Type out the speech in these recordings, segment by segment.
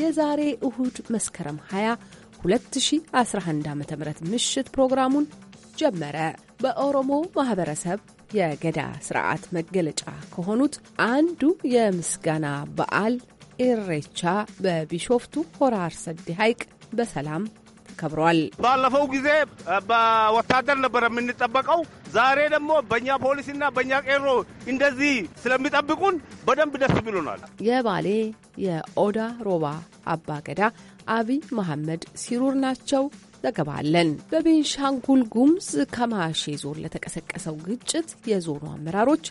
የዛሬ እሁድ መስከረም 20 2011 ዓ ም ምሽት ፕሮግራሙን ጀመረ። በኦሮሞ ማህበረሰብ የገዳ ስርዓት መገለጫ ከሆኑት አንዱ የምስጋና በዓል ኢሬቻ በቢሾፍቱ ሆራ አርሰዲ ሐይቅ በሰላም ከብረዋል። ባለፈው ጊዜ በወታደር ነበር የምንጠበቀው። ዛሬ ደግሞ በእኛ ፖሊስና በእኛ ቄሮ እንደዚህ ስለሚጠብቁን በደንብ ደስ ብሎናል። የባሌ የኦዳ ሮባ አባገዳ ገዳ አቢይ መሐመድ ሲሩር ናቸው። ዘገባ አለን። በቤንሻንጉል ጉምዝ ከማሼ ዞን ለተቀሰቀሰው ግጭት የዞኑ አመራሮች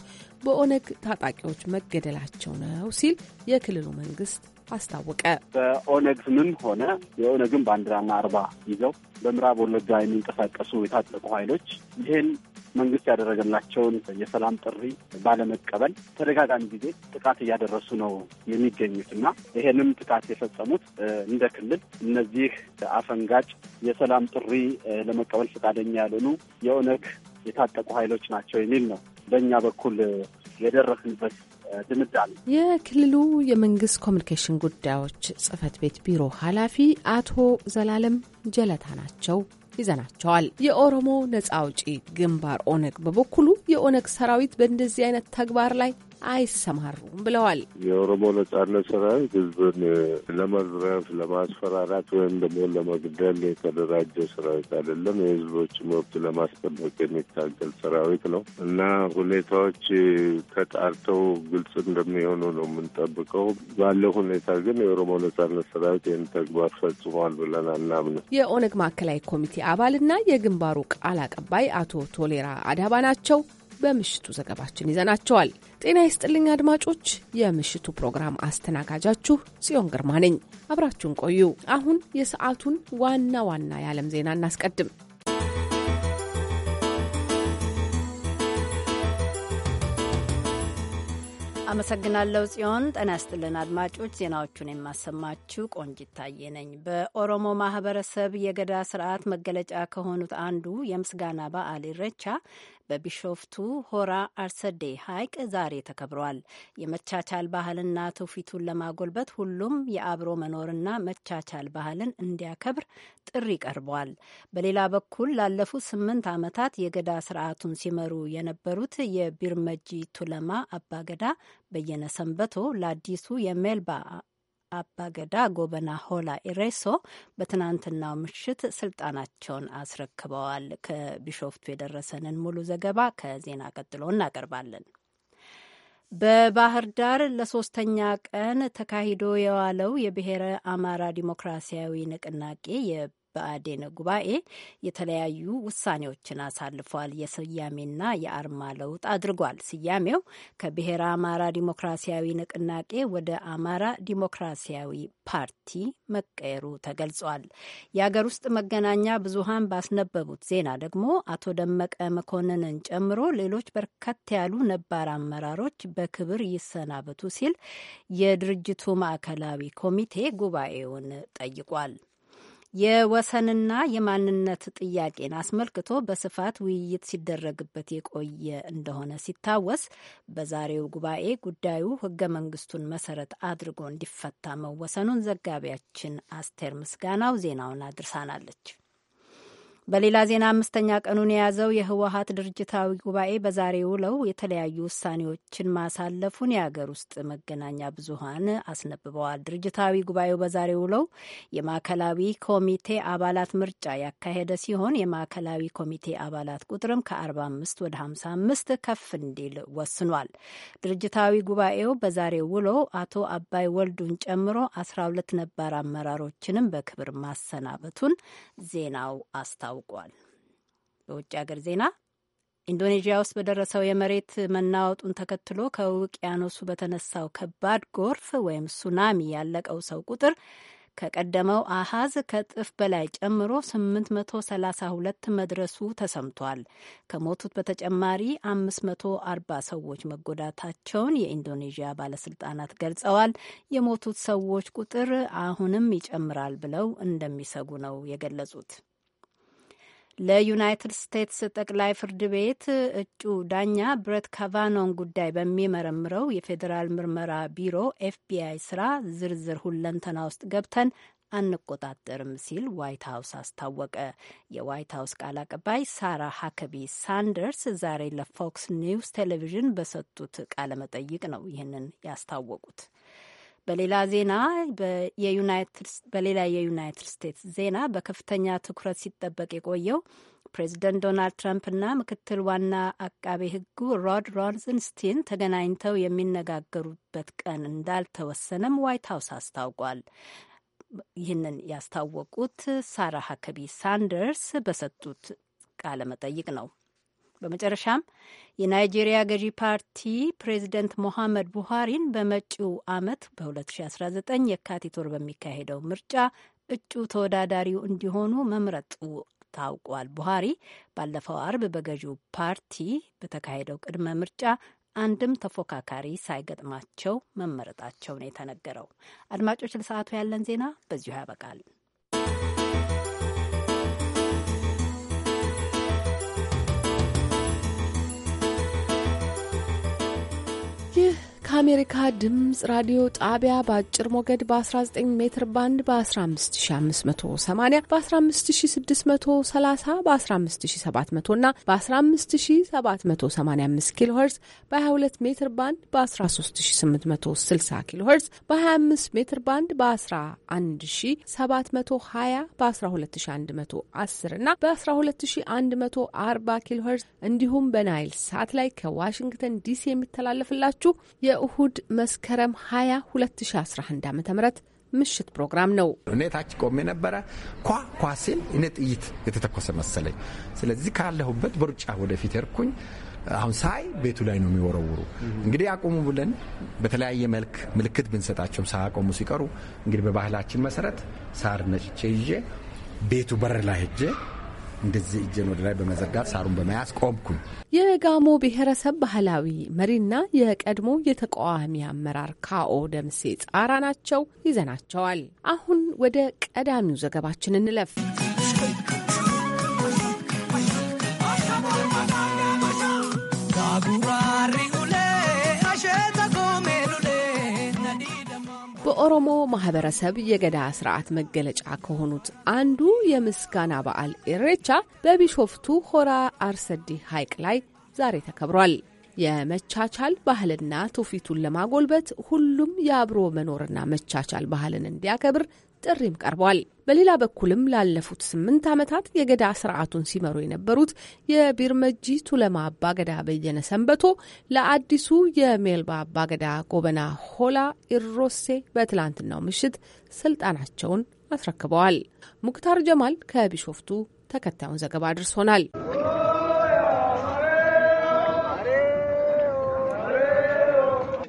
በኦነግ ታጣቂዎች መገደላቸው ነው ሲል የክልሉ መንግስት አስታወቀ። በኦነግ ስምም ሆነ የኦነግን ባንዲራና አርባ ይዘው በምዕራብ ወለጋ የሚንቀሳቀሱ የታጠቁ ኃይሎች ይህን መንግስት ያደረገላቸውን የሰላም ጥሪ ባለመቀበል ተደጋጋሚ ጊዜ ጥቃት እያደረሱ ነው የሚገኙት እና ይሄንም ጥቃት የፈጸሙት እንደ ክልል እነዚህ አፈንጋጭ የሰላም ጥሪ ለመቀበል ፈቃደኛ ያልሆኑ የኦነግ የታጠቁ ኃይሎች ናቸው የሚል ነው በእኛ በኩል የደረስንበት ድምዳሜ። የክልሉ የመንግስት ኮሚኒኬሽን ጉዳዮች ጽህፈት ቤት ቢሮ ኃላፊ አቶ ዘላለም ጀለታ ናቸው። ይዘናቸዋል። የኦሮሞ ነጻ አውጪ ግንባር ኦነግ በበኩሉ የኦነግ ሰራዊት በእንደዚህ አይነት ተግባር ላይ አይሰማሩም ብለዋል። የኦሮሞ ነጻነት ሰራዊት ህዝብን ለመዝረፍ፣ ለማስፈራራት ወይም ደግሞ ለመግደል የተደራጀ ሰራዊት አይደለም። የህዝቦች መብት ለማስጠበቅ የሚታገል ሰራዊት ነው እና ሁኔታዎች ተጣርተው ግልጽ እንደሚሆኑ ነው የምንጠብቀው። ባለው ሁኔታ ግን የኦሮሞ ነጻነት ሰራዊት ይህን ተግባር ፈጽሟል ብለን አናምንም። የኦነግ ማዕከላዊ ኮሚቴ አባልና የግንባሩ ቃል አቀባይ አቶ ቶሌራ አዳባ ናቸው። በምሽቱ ዘገባችን ይዘናቸዋል። ጤና ይስጥልኝ አድማጮች፣ የምሽቱ ፕሮግራም አስተናጋጃችሁ ጽዮን ግርማ ነኝ። አብራችሁን ቆዩ። አሁን የሰዓቱን ዋና ዋና የዓለም ዜና እናስቀድም። አመሰግናለሁ ጽዮን። ጤና ይስጥልን አድማጮች፣ ዜናዎቹን የማሰማችው ቆንጂት ታዬ ነኝ። በኦሮሞ ማህበረሰብ የገዳ ስርዓት መገለጫ ከሆኑት አንዱ የምስጋና በዓል ኢሬቻ በቢሾፍቱ ሆራ አርሰዴ ሐይቅ ዛሬ ተከብሯል። የመቻቻል ባህልና ትውፊቱን ለማጎልበት ሁሉም የአብሮ መኖርና መቻቻል ባህልን እንዲያከብር ጥሪ ቀርቧል። በሌላ በኩል ላለፉት ስምንት ዓመታት የገዳ ስርዓቱን ሲመሩ የነበሩት የቢርመጂ ቱለማ አባገዳ በየነ ሰንበቶ ለአዲሱ የሜልባ አባገዳ ጎበና ሆላ ኢሬሶ በትናንትናው ምሽት ስልጣናቸውን አስረክበዋል። ከቢሾፍቱ የደረሰንን ሙሉ ዘገባ ከዜና ቀጥሎ እናቀርባለን። በባህር ዳር ለሶስተኛ ቀን ተካሂዶ የዋለው የብሔረ አማራ ዲሞክራሲያዊ ንቅናቄ በአዴነ ጉባኤ የተለያዩ ውሳኔዎችን አሳልፏል። የስያሜና የአርማ ለውጥ አድርጓል። ስያሜው ከብሔረ አማራ ዲሞክራሲያዊ ንቅናቄ ወደ አማራ ዲሞክራሲያዊ ፓርቲ መቀየሩ ተገልጿል። የአገር ውስጥ መገናኛ ብዙሃን ባስነበቡት ዜና ደግሞ አቶ ደመቀ መኮንንን ጨምሮ ሌሎች በርከት ያሉ ነባር አመራሮች በክብር ይሰናበቱ ሲል የድርጅቱ ማዕከላዊ ኮሚቴ ጉባኤውን ጠይቋል። የወሰንና የማንነት ጥያቄን አስመልክቶ በስፋት ውይይት ሲደረግበት የቆየ እንደሆነ ሲታወስ በዛሬው ጉባኤ ጉዳዩ ህገ መንግስቱን መሰረት አድርጎ እንዲፈታ መወሰኑን ዘጋቢያችን አስቴር ምስጋናው ዜናውን አድርሳናለች። በሌላ ዜና አምስተኛ ቀኑን የያዘው የህወሀት ድርጅታዊ ጉባኤ በዛሬ ውለው የተለያዩ ውሳኔዎችን ማሳለፉን የአገር ውስጥ መገናኛ ብዙሀን አስነብበዋል። ድርጅታዊ ጉባኤው በዛሬ ውለው የማዕከላዊ ኮሚቴ አባላት ምርጫ ያካሄደ ሲሆን የማዕከላዊ ኮሚቴ አባላት ቁጥርም ከ45 ወደ 55 ከፍ እንዲል ወስኗል። ድርጅታዊ ጉባኤው በዛሬው ውለው አቶ አባይ ወልዱን ጨምሮ 12 ነባር አመራሮችንም በክብር ማሰናበቱን ዜናው አስታ አስታውቋል። በውጭ ሀገር ዜና ኢንዶኔዥያ ውስጥ በደረሰው የመሬት መናወጡን ተከትሎ ከውቅያኖሱ በተነሳው ከባድ ጎርፍ ወይም ሱናሚ ያለቀው ሰው ቁጥር ከቀደመው አሃዝ ከእጥፍ በላይ ጨምሮ 832 መድረሱ ተሰምቷል። ከሞቱት በተጨማሪ 540 ሰዎች መጎዳታቸውን የኢንዶኔዥያ ባለስልጣናት ገልጸዋል። የሞቱት ሰዎች ቁጥር አሁንም ይጨምራል ብለው እንደሚሰጉ ነው የገለጹት። ለዩናይትድ ስቴትስ ጠቅላይ ፍርድ ቤት እጩ ዳኛ ብረት ካቫኖን ጉዳይ በሚመረምረው የፌዴራል ምርመራ ቢሮ ኤፍቢአይ ስራ ዝርዝር ሁለንተና ውስጥ ገብተን አንቆጣጠርም ሲል ዋይት ሀውስ አስታወቀ። የዋይት ሀውስ ቃል አቀባይ ሳራ ሀከቢ ሳንደርስ ዛሬ ለፎክስ ኒውስ ቴሌቪዥን በሰጡት ቃለ መጠይቅ ነው ይህንን ያስታወቁት። በሌላ ዜና በሌላ የዩናይትድ ስቴትስ ዜና በከፍተኛ ትኩረት ሲጠበቅ የቆየው ፕሬዚደንት ዶናልድ ትራምፕና ምክትል ዋና አቃቤ ሕጉ ሮድ ሮዝንስቲን ተገናኝተው የሚነጋገሩበት ቀን እንዳልተወሰነም ዋይት ሀውስ አስታውቋል። ይህንን ያስታወቁት ሳራ ሀከቢ ሳንደርስ በሰጡት ቃለ መጠይቅ ነው። በመጨረሻም የናይጄሪያ ገዢ ፓርቲ ፕሬዚደንት ሞሐመድ ቡሃሪን በመጪው ዓመት በ2019 የካቲት ወር በሚካሄደው ምርጫ እጩ ተወዳዳሪው እንዲሆኑ መምረጡ ታውቋል። ቡሃሪ ባለፈው አርብ በገዢው ፓርቲ በተካሄደው ቅድመ ምርጫ አንድም ተፎካካሪ ሳይገጥማቸው መመረጣቸው ነው የተነገረው። አድማጮች፣ ለሰዓቱ ያለን ዜና በዚሁ ያበቃል። ከአሜሪካ ድምፅ ራዲዮ ጣቢያ በአጭር ሞገድ በ19 ሜትር ባንድ በ15580 በ15630 በ15700 እና በ15785 ኪሎ ሄርዝ በ22 ሜትር ባንድ በ13860 ኪሎ ሄርዝ በ25 ሜትር ባንድ በ11720 በ12110 እና በ12140 ኪሎ ሄርዝ እንዲሁም በናይል ሳት ላይ ከዋሽንግተን ዲሲ የሚተላለፍላችሁ የ የእሁድ መስከረም 20 2011 ዓ ም ምሽት ፕሮግራም ነው። እኔ ታች ቆሜ ነበረ። ኳ ኳ ሲል እኔ ጥይት የተተኮሰ መሰለኝ። ስለዚህ ካለሁበት በሩጫ ወደፊት ሄድኩኝ። አሁን ሳይ ቤቱ ላይ ነው የሚወረውሩ። እንግዲህ አቁሙ ብለን በተለያየ መልክ ምልክት ብንሰጣቸውም ሳያቆሙ ሲቀሩ እንግዲህ በባህላችን መሰረት ሳር ነጭቼ ይዤ ቤቱ በር ላይ ሄጄ እንደዚህ እጄን ወደ ላይ በመዘርጋት ሳሩን በመያዝ ቆምኩኝ። የጋሞ ብሔረሰብ ባህላዊ መሪና የቀድሞ የተቃዋሚ አመራር ካኦ ደምሴ ጻራ ናቸው። ይዘናቸዋል። አሁን ወደ ቀዳሚው ዘገባችን እንለፍ። የኦሮሞ ማህበረሰብ የገዳ ስርዓት መገለጫ ከሆኑት አንዱ የምስጋና በዓል ኢሬቻ በቢሾፍቱ ሆራ አርሰዲ ሐይቅ ላይ ዛሬ ተከብሯል። የመቻቻል ባህልና ትውፊቱን ለማጎልበት ሁሉም የአብሮ መኖርና መቻቻል ባህልን እንዲያከብር ጥሪም ቀርቧል። በሌላ በኩልም ላለፉት ስምንት ዓመታት የገዳ ስርዓቱን ሲመሩ የነበሩት የቢርመጂ ቱለማ አባገዳ በየነ ሰንበቶ ለአዲሱ የሜልባ አባገዳ ጎበና ሆላ ኢሮሴ በትላንትናው ምሽት ስልጣናቸውን አስረክበዋል። ሙክታር ጀማል ከቢሾፍቱ ተከታዩን ዘገባ አድርሶናል።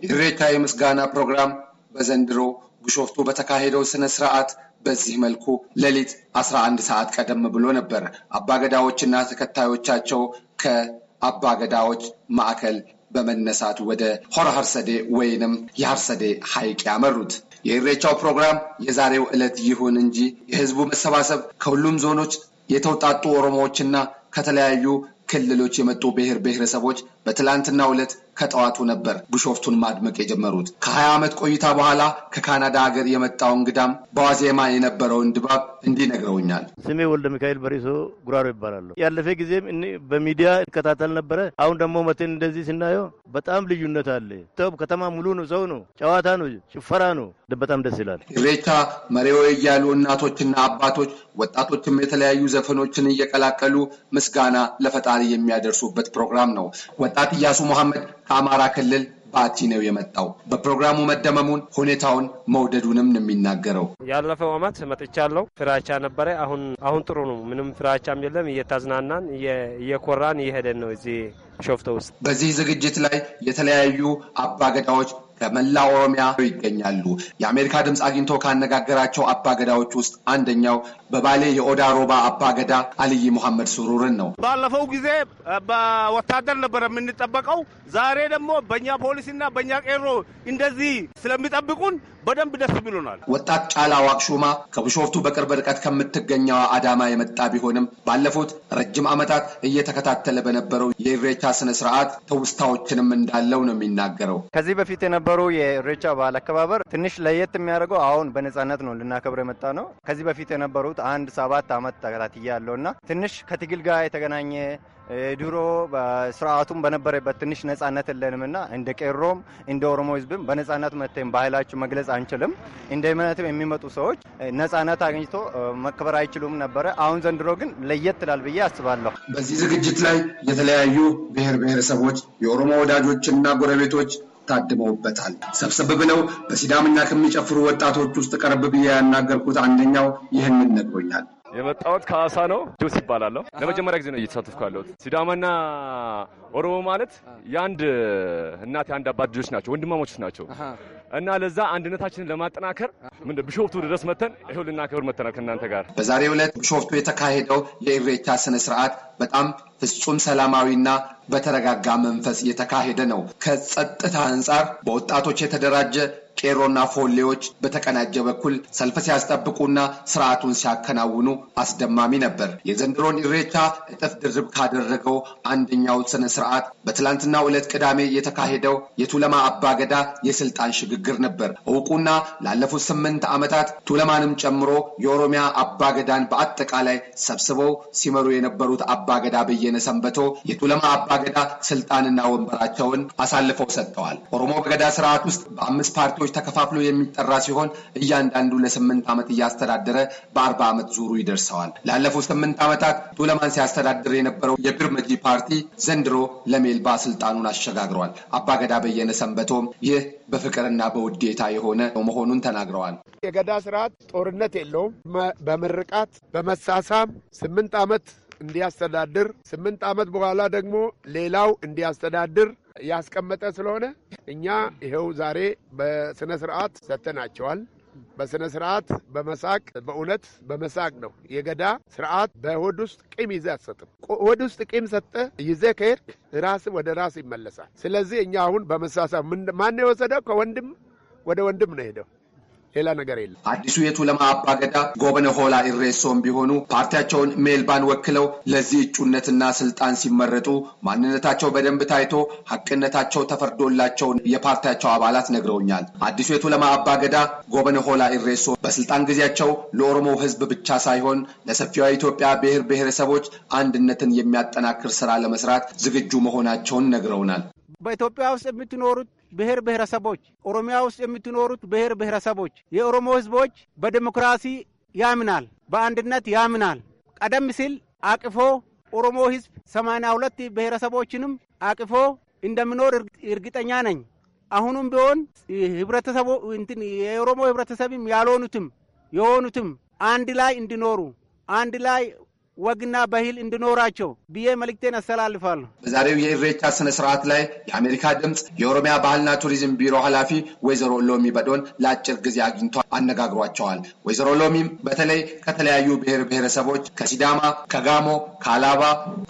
ኢሬቻ የምስጋና ፕሮግራም በዘንድሮ ቢሾፍቱ በተካሄደው ስነ ስርዓት በዚህ መልኩ ሌሊት 11 ሰዓት ቀደም ብሎ ነበር አባገዳዎችና ተከታዮቻቸው ከአባገዳዎች ማዕከል በመነሳት ወደ ሆረ ሀርሰዴ ወይንም የሀርሰዴ ሐይቅ ያመሩት። የኢሬቻው ፕሮግራም የዛሬው ዕለት ይሁን እንጂ የህዝቡ መሰባሰብ ከሁሉም ዞኖች የተውጣጡ ኦሮሞዎችና ከተለያዩ ክልሎች የመጡ ብሔር ብሔረሰቦች በትላንትና ዕለት ከጠዋቱ ነበር ቢሾፍቱን ማድመቅ የጀመሩት። ከሀያ ዓመት ቆይታ በኋላ ከካናዳ ሀገር የመጣው እንግዳም በዋዜማ የነበረውን ድባብ እንዲህ ነግረውኛል። ስሜ ወልደ ሚካኤል በሪሶ ጉራሮ ይባላሉ። ያለፈ ጊዜም በሚዲያ እንከታተል ነበረ። አሁን ደግሞ መቴን እንደዚህ ስናየው በጣም ልዩነት አለ። ከተማ ሙሉ ነው፣ ሰው ነው፣ ጨዋታ ነው፣ ጭፈራ ነው። በጣም ደስ ይላል። ኢሬቻ መሪዎ እያሉ እናቶችና አባቶች ወጣቶችም የተለያዩ ዘፈኖችን እየቀላቀሉ ምስጋና ለፈጣሪ የሚያደርሱበት ፕሮግራም ነው። ወጣት እያሱ መሐመድ ከአማራ ክልል ባቲ ነው የመጣው። በፕሮግራሙ መደመሙን ሁኔታውን መውደዱንም ነው የሚናገረው። ያለፈው አመት መጥቻለሁ። ፍራቻ ነበረ። አሁን አሁን ጥሩ ነው። ምንም ፍራቻም የለም። እየተዝናናን እየኮራን እየሄደን ነው እዚህ ሾፍቶ ውስጥ። በዚህ ዝግጅት ላይ የተለያዩ አባገዳዎች በመላ ኦሮሚያ ይገኛሉ። የአሜሪካ ድምፅ አግኝቶ ካነጋገራቸው አባገዳዎች ውስጥ አንደኛው በባሌ የኦዳ ሮባ አባገዳ አልይ ሙሐመድ ሱሩርን ነው። ባለፈው ጊዜ በወታደር ነበር የምንጠበቀው። ዛሬ ደግሞ በእኛ ፖሊስና በእኛ ቄሮ እንደዚህ ስለሚጠብቁን በደንብ ደስ ብሎናል። ወጣት ጫላ ዋቅሹማ ከብሾፍቱ በቅርብ ርቀት ከምትገኘዋ አዳማ የመጣ ቢሆንም ባለፉት ረጅም ዓመታት እየተከታተለ በነበረው የኢሬቻ ስነ ስርዓት ትውስታዎችንም እንዳለው ነው የሚናገረው ከዚህ በፊት የነበ የነበረው የኢሬቻ በዓል አከባበር ትንሽ ለየት የሚያደርገው አሁን በነጻነት ነው ልናከብር የመጣ ነው። ከዚህ በፊት የነበሩት አንድ ሰባት ዓመት ተከታትያ ያለው እና ትንሽ ከትግል ጋር የተገናኘ ድሮ ስርዓቱም በነበረበት ትንሽ ነጻነት የለንም እና እንደ ቄሮም እንደ ኦሮሞ ህዝብም በነጻነት መተን ባህላችሁ መግለጽ አንችልም። እንደ እምነትም የሚመጡ ሰዎች ነጻነት አግኝቶ መከበር አይችሉም ነበረ። አሁን ዘንድሮ ግን ለየት ትላል ብዬ አስባለሁ። በዚህ ዝግጅት ላይ የተለያዩ ብሔር ብሔረሰቦች፣ የኦሮሞ ወዳጆችና ጎረቤቶች ታድመውበታል። ሰብሰብ ብለው በሲዳምኛ ከሚጨፍሩ ወጣቶች ውስጥ ቀረብ ብዬ ያናገርኩት አንደኛው ይህንን ነግሮኛል። የመጣሁት ከአሳ ነው። ጆስ ይባላለሁ። ለመጀመሪያ ጊዜ ነው እየተሳተፍኩ ያለሁት። ሲዳማና ኦሮሞ ማለት የአንድ እናት የአንድ አባት ልጆች ናቸው፣ ወንድማሞች ናቸው። እና ለዛ አንድነታችንን ለማጠናከር ምን ቢሾፍቱ ድረስ መተን ይኸው ልናከብር መተናል ከእናንተ ጋር። በዛሬው ዕለት ቢሾፍቱ የተካሄደው የኢሬቻ ስነ ስርዓት በጣም ፍጹም ሰላማዊና በተረጋጋ መንፈስ እየተካሄደ ነው። ከጸጥታ አንጻር በወጣቶች የተደራጀ ቄሮና ፎሌዎች በተቀናጀ በኩል ሰልፍ ሲያስጠብቁና ስርዓቱን ሲያከናውኑ አስደማሚ ነበር። የዘንድሮን ኢሬቻ እጥፍ ድርብ ካደረገው አንደኛው ስነ ስርዓት በትላንትና ሁለት ቅዳሜ የተካሄደው የቱለማ አባገዳ የስልጣን ሽግግር ነበር። እውቁና ላለፉት ስምንት ዓመታት ቱለማንም ጨምሮ የኦሮሚያ አባገዳን በአጠቃላይ ሰብስበው ሲመሩ የነበሩት አባገዳ በየነ ሰንበቶ የቱለማ አባገዳ ስልጣንና ወንበራቸውን አሳልፈው ሰጥተዋል። ኦሮሞ በገዳ ስርዓት ውስጥ በአምስት ፓርቲዎች ተከፋፍሎ የሚጠራ ሲሆን እያንዳንዱ ለስምንት ዓመት እያስተዳደረ በአርባ ዓመት ዙሩ ይደርሰዋል። ላለፉት ስምንት ዓመታት ቶለማን ሲያስተዳድር የነበረው የብርመጂ ፓርቲ ዘንድሮ ለሜልባ ስልጣኑን አሸጋግሯል። አባገዳ በየነ ሰንበቶም ይህ በፍቅርና በውዴታ የሆነ መሆኑን ተናግረዋል። የገዳ ስርዓት ጦርነት የለውም። በምርቃት በመሳሳም ስምንት ዓመት እንዲያስተዳድር ስምንት ዓመት በኋላ ደግሞ ሌላው እንዲያስተዳድር ያስቀመጠ ስለሆነ እኛ ይኸው ዛሬ በስነ ስርዓት ሰጥተናቸዋል። በስነ ስርዓት በመሳቅ በእውነት በመሳቅ ነው። የገዳ ስርዓት በሆድ ውስጥ ቂም ይዘ አትሰጥም። ሆድ ውስጥ ቂም ሰጠ ይዘ ከሄድክ ራስ ወደ ራስ ይመለሳል። ስለዚህ እኛ አሁን በመሳሳብ ማን የወሰደው ከወንድም ወደ ወንድም ነው ሄደው ሌላ ነገር የለም። አዲሱ የቱለማ አባገዳ ጎበነ ሆላ ኢሬሶም ቢሆኑ ፓርቲያቸውን ሜልባን ወክለው ለዚህ እጩነትና ስልጣን ሲመረጡ ማንነታቸው በደንብ ታይቶ ሀቅነታቸው ተፈርዶላቸውን የፓርቲያቸው አባላት ነግረውኛል። አዲሱ የቱለማ አባገዳ ጎበነ ሆላ ኢሬሶ በስልጣን ጊዜያቸው ለኦሮሞ ህዝብ ብቻ ሳይሆን ለሰፊዋ ኢትዮጵያ ብሔር ብሔረሰቦች አንድነትን የሚያጠናክር ስራ ለመስራት ዝግጁ መሆናቸውን ነግረውናል። በኢትዮጵያ ውስጥ የምትኖሩት ብሔር ብሔረሰቦች ኦሮሚያ ውስጥ የምትኖሩት ብሔር ብሔረሰቦች የኦሮሞ ህዝቦች በዲሞክራሲ ያምናል፣ በአንድነት ያምናል። ቀደም ሲል አቅፎ ኦሮሞ ህዝብ ሰማንያ ሁለት ብሔረሰቦችንም አቅፎ እንደምኖር እርግጠኛ ነኝ። አሁኑም ቢሆን ህብረተሰቡ እንትን የኦሮሞ ህብረተሰብም ያልሆኑትም የሆኑትም አንድ ላይ እንዲኖሩ አንድ ላይ ወግና ባህል እንዲኖራቸው ብዬ መልእክቴን አስተላልፋሉ። በዛሬው የኢሬቻ ስነ ስርዓት ላይ የአሜሪካ ድምፅ የኦሮሚያ ባህልና ቱሪዝም ቢሮ ኃላፊ ወይዘሮ ሎሚ በዶን ለአጭር ጊዜ አግኝቶ አነጋግሯቸዋል። ወይዘሮ ሎሚም በተለይ ከተለያዩ ብሔር ብሔረሰቦች ከሲዳማ፣ ከጋሞ፣ ከአላባ፣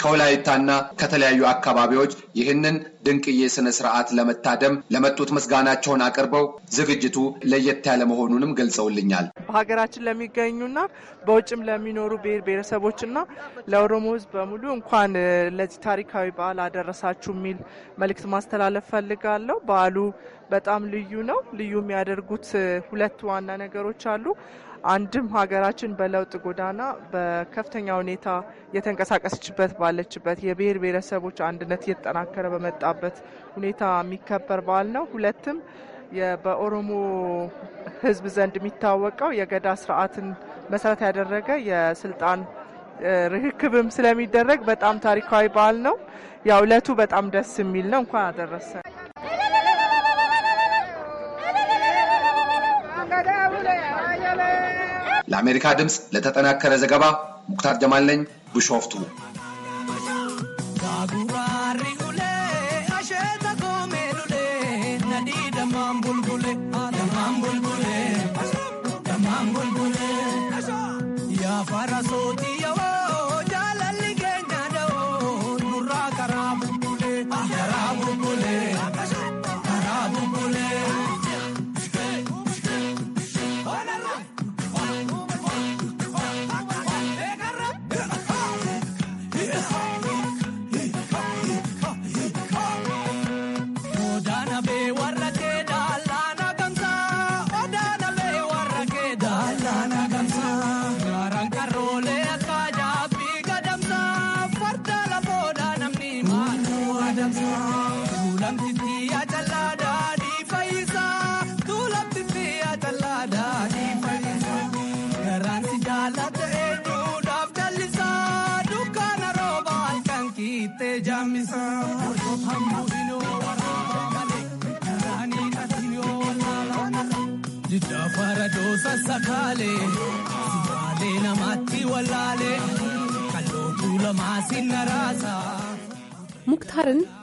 ከወላይታና ከተለያዩ አካባቢዎች ይህንን ድንቅዬ ስነ ስርዓት ለመታደም ለመጡት ምስጋናቸውን አቅርበው ዝግጅቱ ለየት ያለ መሆኑንም ገልጸውልኛል። በሀገራችን ለሚገኙና በውጭም ለሚኖሩ ብሔር ብሔረሰቦች እና ለኦሮሞ ህዝብ በሙሉ እንኳን ለዚህ ታሪካዊ በዓል አደረሳችሁ የሚል መልእክት ማስተላለፍ ፈልጋለሁ። በዓሉ በጣም ልዩ ነው። ልዩ የሚያደርጉት ሁለት ዋና ነገሮች አሉ። አንድም ሀገራችን በለውጥ ጎዳና በከፍተኛ ሁኔታ የተንቀሳቀሰችበት ባለችበት የብሔር ብሔረሰቦች አንድነት እየተጠናከረ በመጣበት ሁኔታ የሚከበር በዓል ነው። ሁለትም በኦሮሞ ህዝብ ዘንድ የሚታወቀው የገዳ ስርዓትን መሰረት ያደረገ የስልጣን ርክክብም ስለሚደረግ በጣም ታሪካዊ በዓል ነው። ያው እለቱ በጣም ደስ የሚል ነው። እንኳን አደረሰ። ለአሜሪካ ድምፅ ለተጠናከረ ዘገባ ሙክታር ጀማል ነኝ ብሾፍቱ።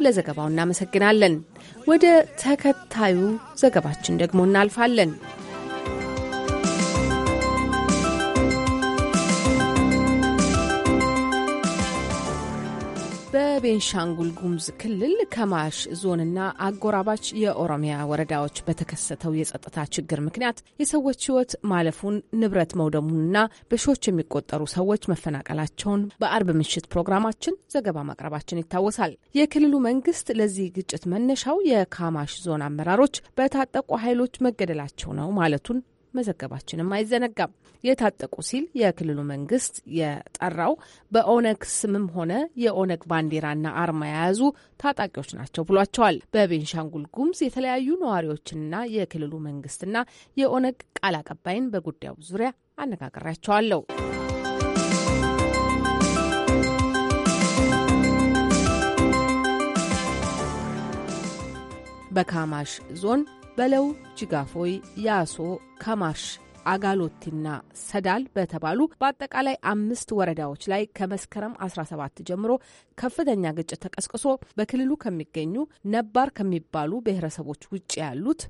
ለዘገባው እናመሰግናለን። ወደ ተከታዩ ዘገባችን ደግሞ እናልፋለን። በቤንሻንጉል ጉሙዝ ክልል ከማሽ ዞንና አጎራባች የኦሮሚያ ወረዳዎች በተከሰተው የጸጥታ ችግር ምክንያት የሰዎች ሕይወት ማለፉን ንብረት መውደሙንና በሺዎች የሚቆጠሩ ሰዎች መፈናቀላቸውን በአርብ ምሽት ፕሮግራማችን ዘገባ ማቅረባችን ይታወሳል። የክልሉ መንግስት ለዚህ ግጭት መነሻው የካማሽ ዞን አመራሮች በታጠቁ ኃይሎች መገደላቸው ነው ማለቱን መዘገባችንም አይዘነጋም። የታጠቁ ሲል የክልሉ መንግስት የጠራው በኦነግ ስምም ሆነ የኦነግ ባንዲራና አርማ የያዙ ታጣቂዎች ናቸው ብሏቸዋል። በቤንሻንጉል ጉምዝ የተለያዩ ነዋሪዎችንና የክልሉ መንግስትና የኦነግ ቃል አቀባይን በጉዳዩ ዙሪያ አነጋግሬያቸዋለሁ። በካማሽ ዞን በለው ጅጋፎይ፣ ያሶ፣ ከማሽ አጋሎቲና ሰዳል በተባሉ በአጠቃላይ አምስት ወረዳዎች ላይ ከመስከረም 17 ጀምሮ ከፍተኛ ግጭት ተቀስቅሶ በክልሉ ከሚገኙ ነባር ከሚባሉ ብሔረሰቦች ውጭ ያሉት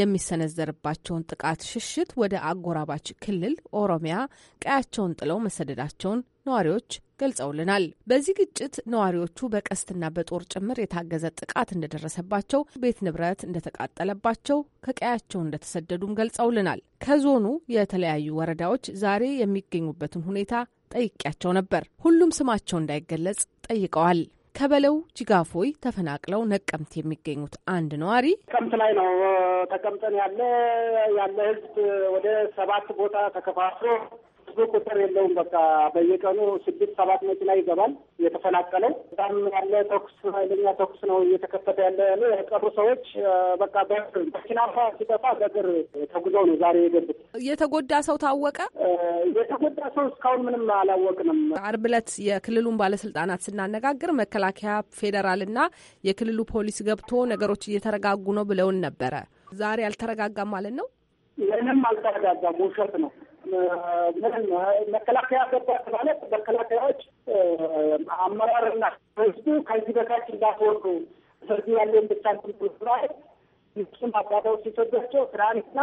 የሚሰነዘርባቸውን ጥቃት ሽሽት ወደ አጎራባች ክልል ኦሮሚያ ቀያቸውን ጥለው መሰደዳቸውን ነዋሪዎች ገልጸውልናል። በዚህ ግጭት ነዋሪዎቹ በቀስትና በጦር ጭምር የታገዘ ጥቃት እንደደረሰባቸው፣ ቤት ንብረት እንደተቃጠለባቸው፣ ከቀያቸው እንደተሰደዱም ገልጸውልናል። ከዞኑ የተለያዩ ወረዳዎች ዛሬ የሚገኙበትን ሁኔታ ጠይቄያቸው ነበር። ሁሉም ስማቸው እንዳይገለጽ ጠይቀዋል። ከበለው ጅጋፎይ ተፈናቅለው ነቀምት የሚገኙት አንድ ነዋሪ ነቀምት ላይ ነው ተቀምጠን ያለ ያለ ህዝብ ወደ ሰባት ቦታ ተከፋፍሎ ብዙ ቁጥር የለውም። በቃ በየቀኑ ስድስት ሰባት መኪና ይገባል የተፈናቀለው። በጣም ያለ ተኩስ ኃይለኛ ተኩስ ነው እየተከፈተ ያለ ያለ የቀሩ ሰዎች በቃ መኪና ሲጠፋ በእግር ተጉዘው ነው ዛሬ የገቡት። የተጎዳ ሰው ታወቀ? የተጎዳ ሰው እስካሁን ምንም አላወቅንም። አርብ ዕለት የክልሉን ባለስልጣናት ስናነጋግር መከላከያ ፌዴራልና የክልሉ ፖሊስ ገብቶ ነገሮች እየተረጋጉ ነው ብለውን ነበረ። ዛሬ አልተረጋጋም ማለት ነው? ምንም አልተረጋጋም። ውሸት ነው። መከላከያ ገባት ማለት መከላከያዎች አመራርና ህዝቡ ከዚህ በታች እንዳትወርዱ ስለዚህ ያለን ብቻ ስራ እሱም አባታው ሲሰዷቸው ትናንትና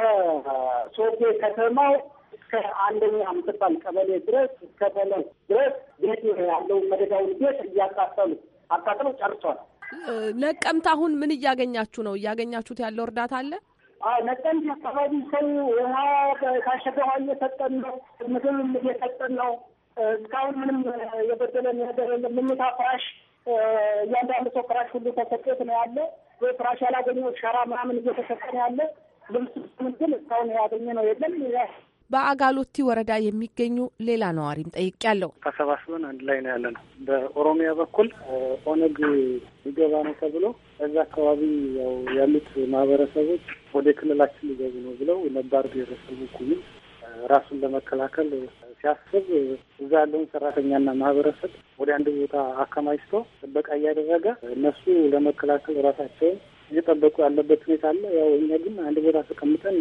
ከሶቤ ከተማው እስከ አንደኛ ምትባል ቀበሌ ድረስ እስከ በለው ድረስ ቤት ያለው መደዳውን ቤት እያቃጠሉ አቃጥለው ጨርሷል። ነቀምት አሁን ምን እያገኛችሁ ነው? እያገኛችሁት ያለው እርዳታ አለ? ነቀንት አካባቢ ሰው ውሃ ካሸገ ውሃ እየሰጠን ነው። ምግብ እየሰጠን ነው። እስካሁን ምንም የበደለን ነገር የለም። ምኝታ ፍራሽ እያንዳንዱ ሰው ፍራሽ ሁሉ ተሰጠት ነው ያለ ወይ ፍራሽ ያላገኘው ሸራ ምናምን እየተሰጠ ነው ያለ። ልብስ ምን ግን እስካሁን ያገኘ ነው የለም። በአጋሎቲ ወረዳ የሚገኙ ሌላ ነዋሪም ጠይቄያለሁ። ተሰባስበን አንድ ላይ ነው ያለ ነው። በኦሮሚያ በኩል ኦነግ ይገባ ነው ተብሎ እዚ አካባቢ ያው ያሉት ማህበረሰቦች ወደ ክልላችን ሊገቡ ነው ብለው ነባር ብሔረሰቡ ኩሚል ራሱን ለመከላከል ሲያስብ እዛ ያለውን ሰራተኛና ማህበረሰብ ወደ አንድ ቦታ አከማችቶ ጥበቃ እያደረገ እነሱ ለመከላከል ራሳቸውን እየጠበቁ ያለበት ሁኔታ አለ። ያው እኛ ግን አንድ ቦታ ተቀምጠን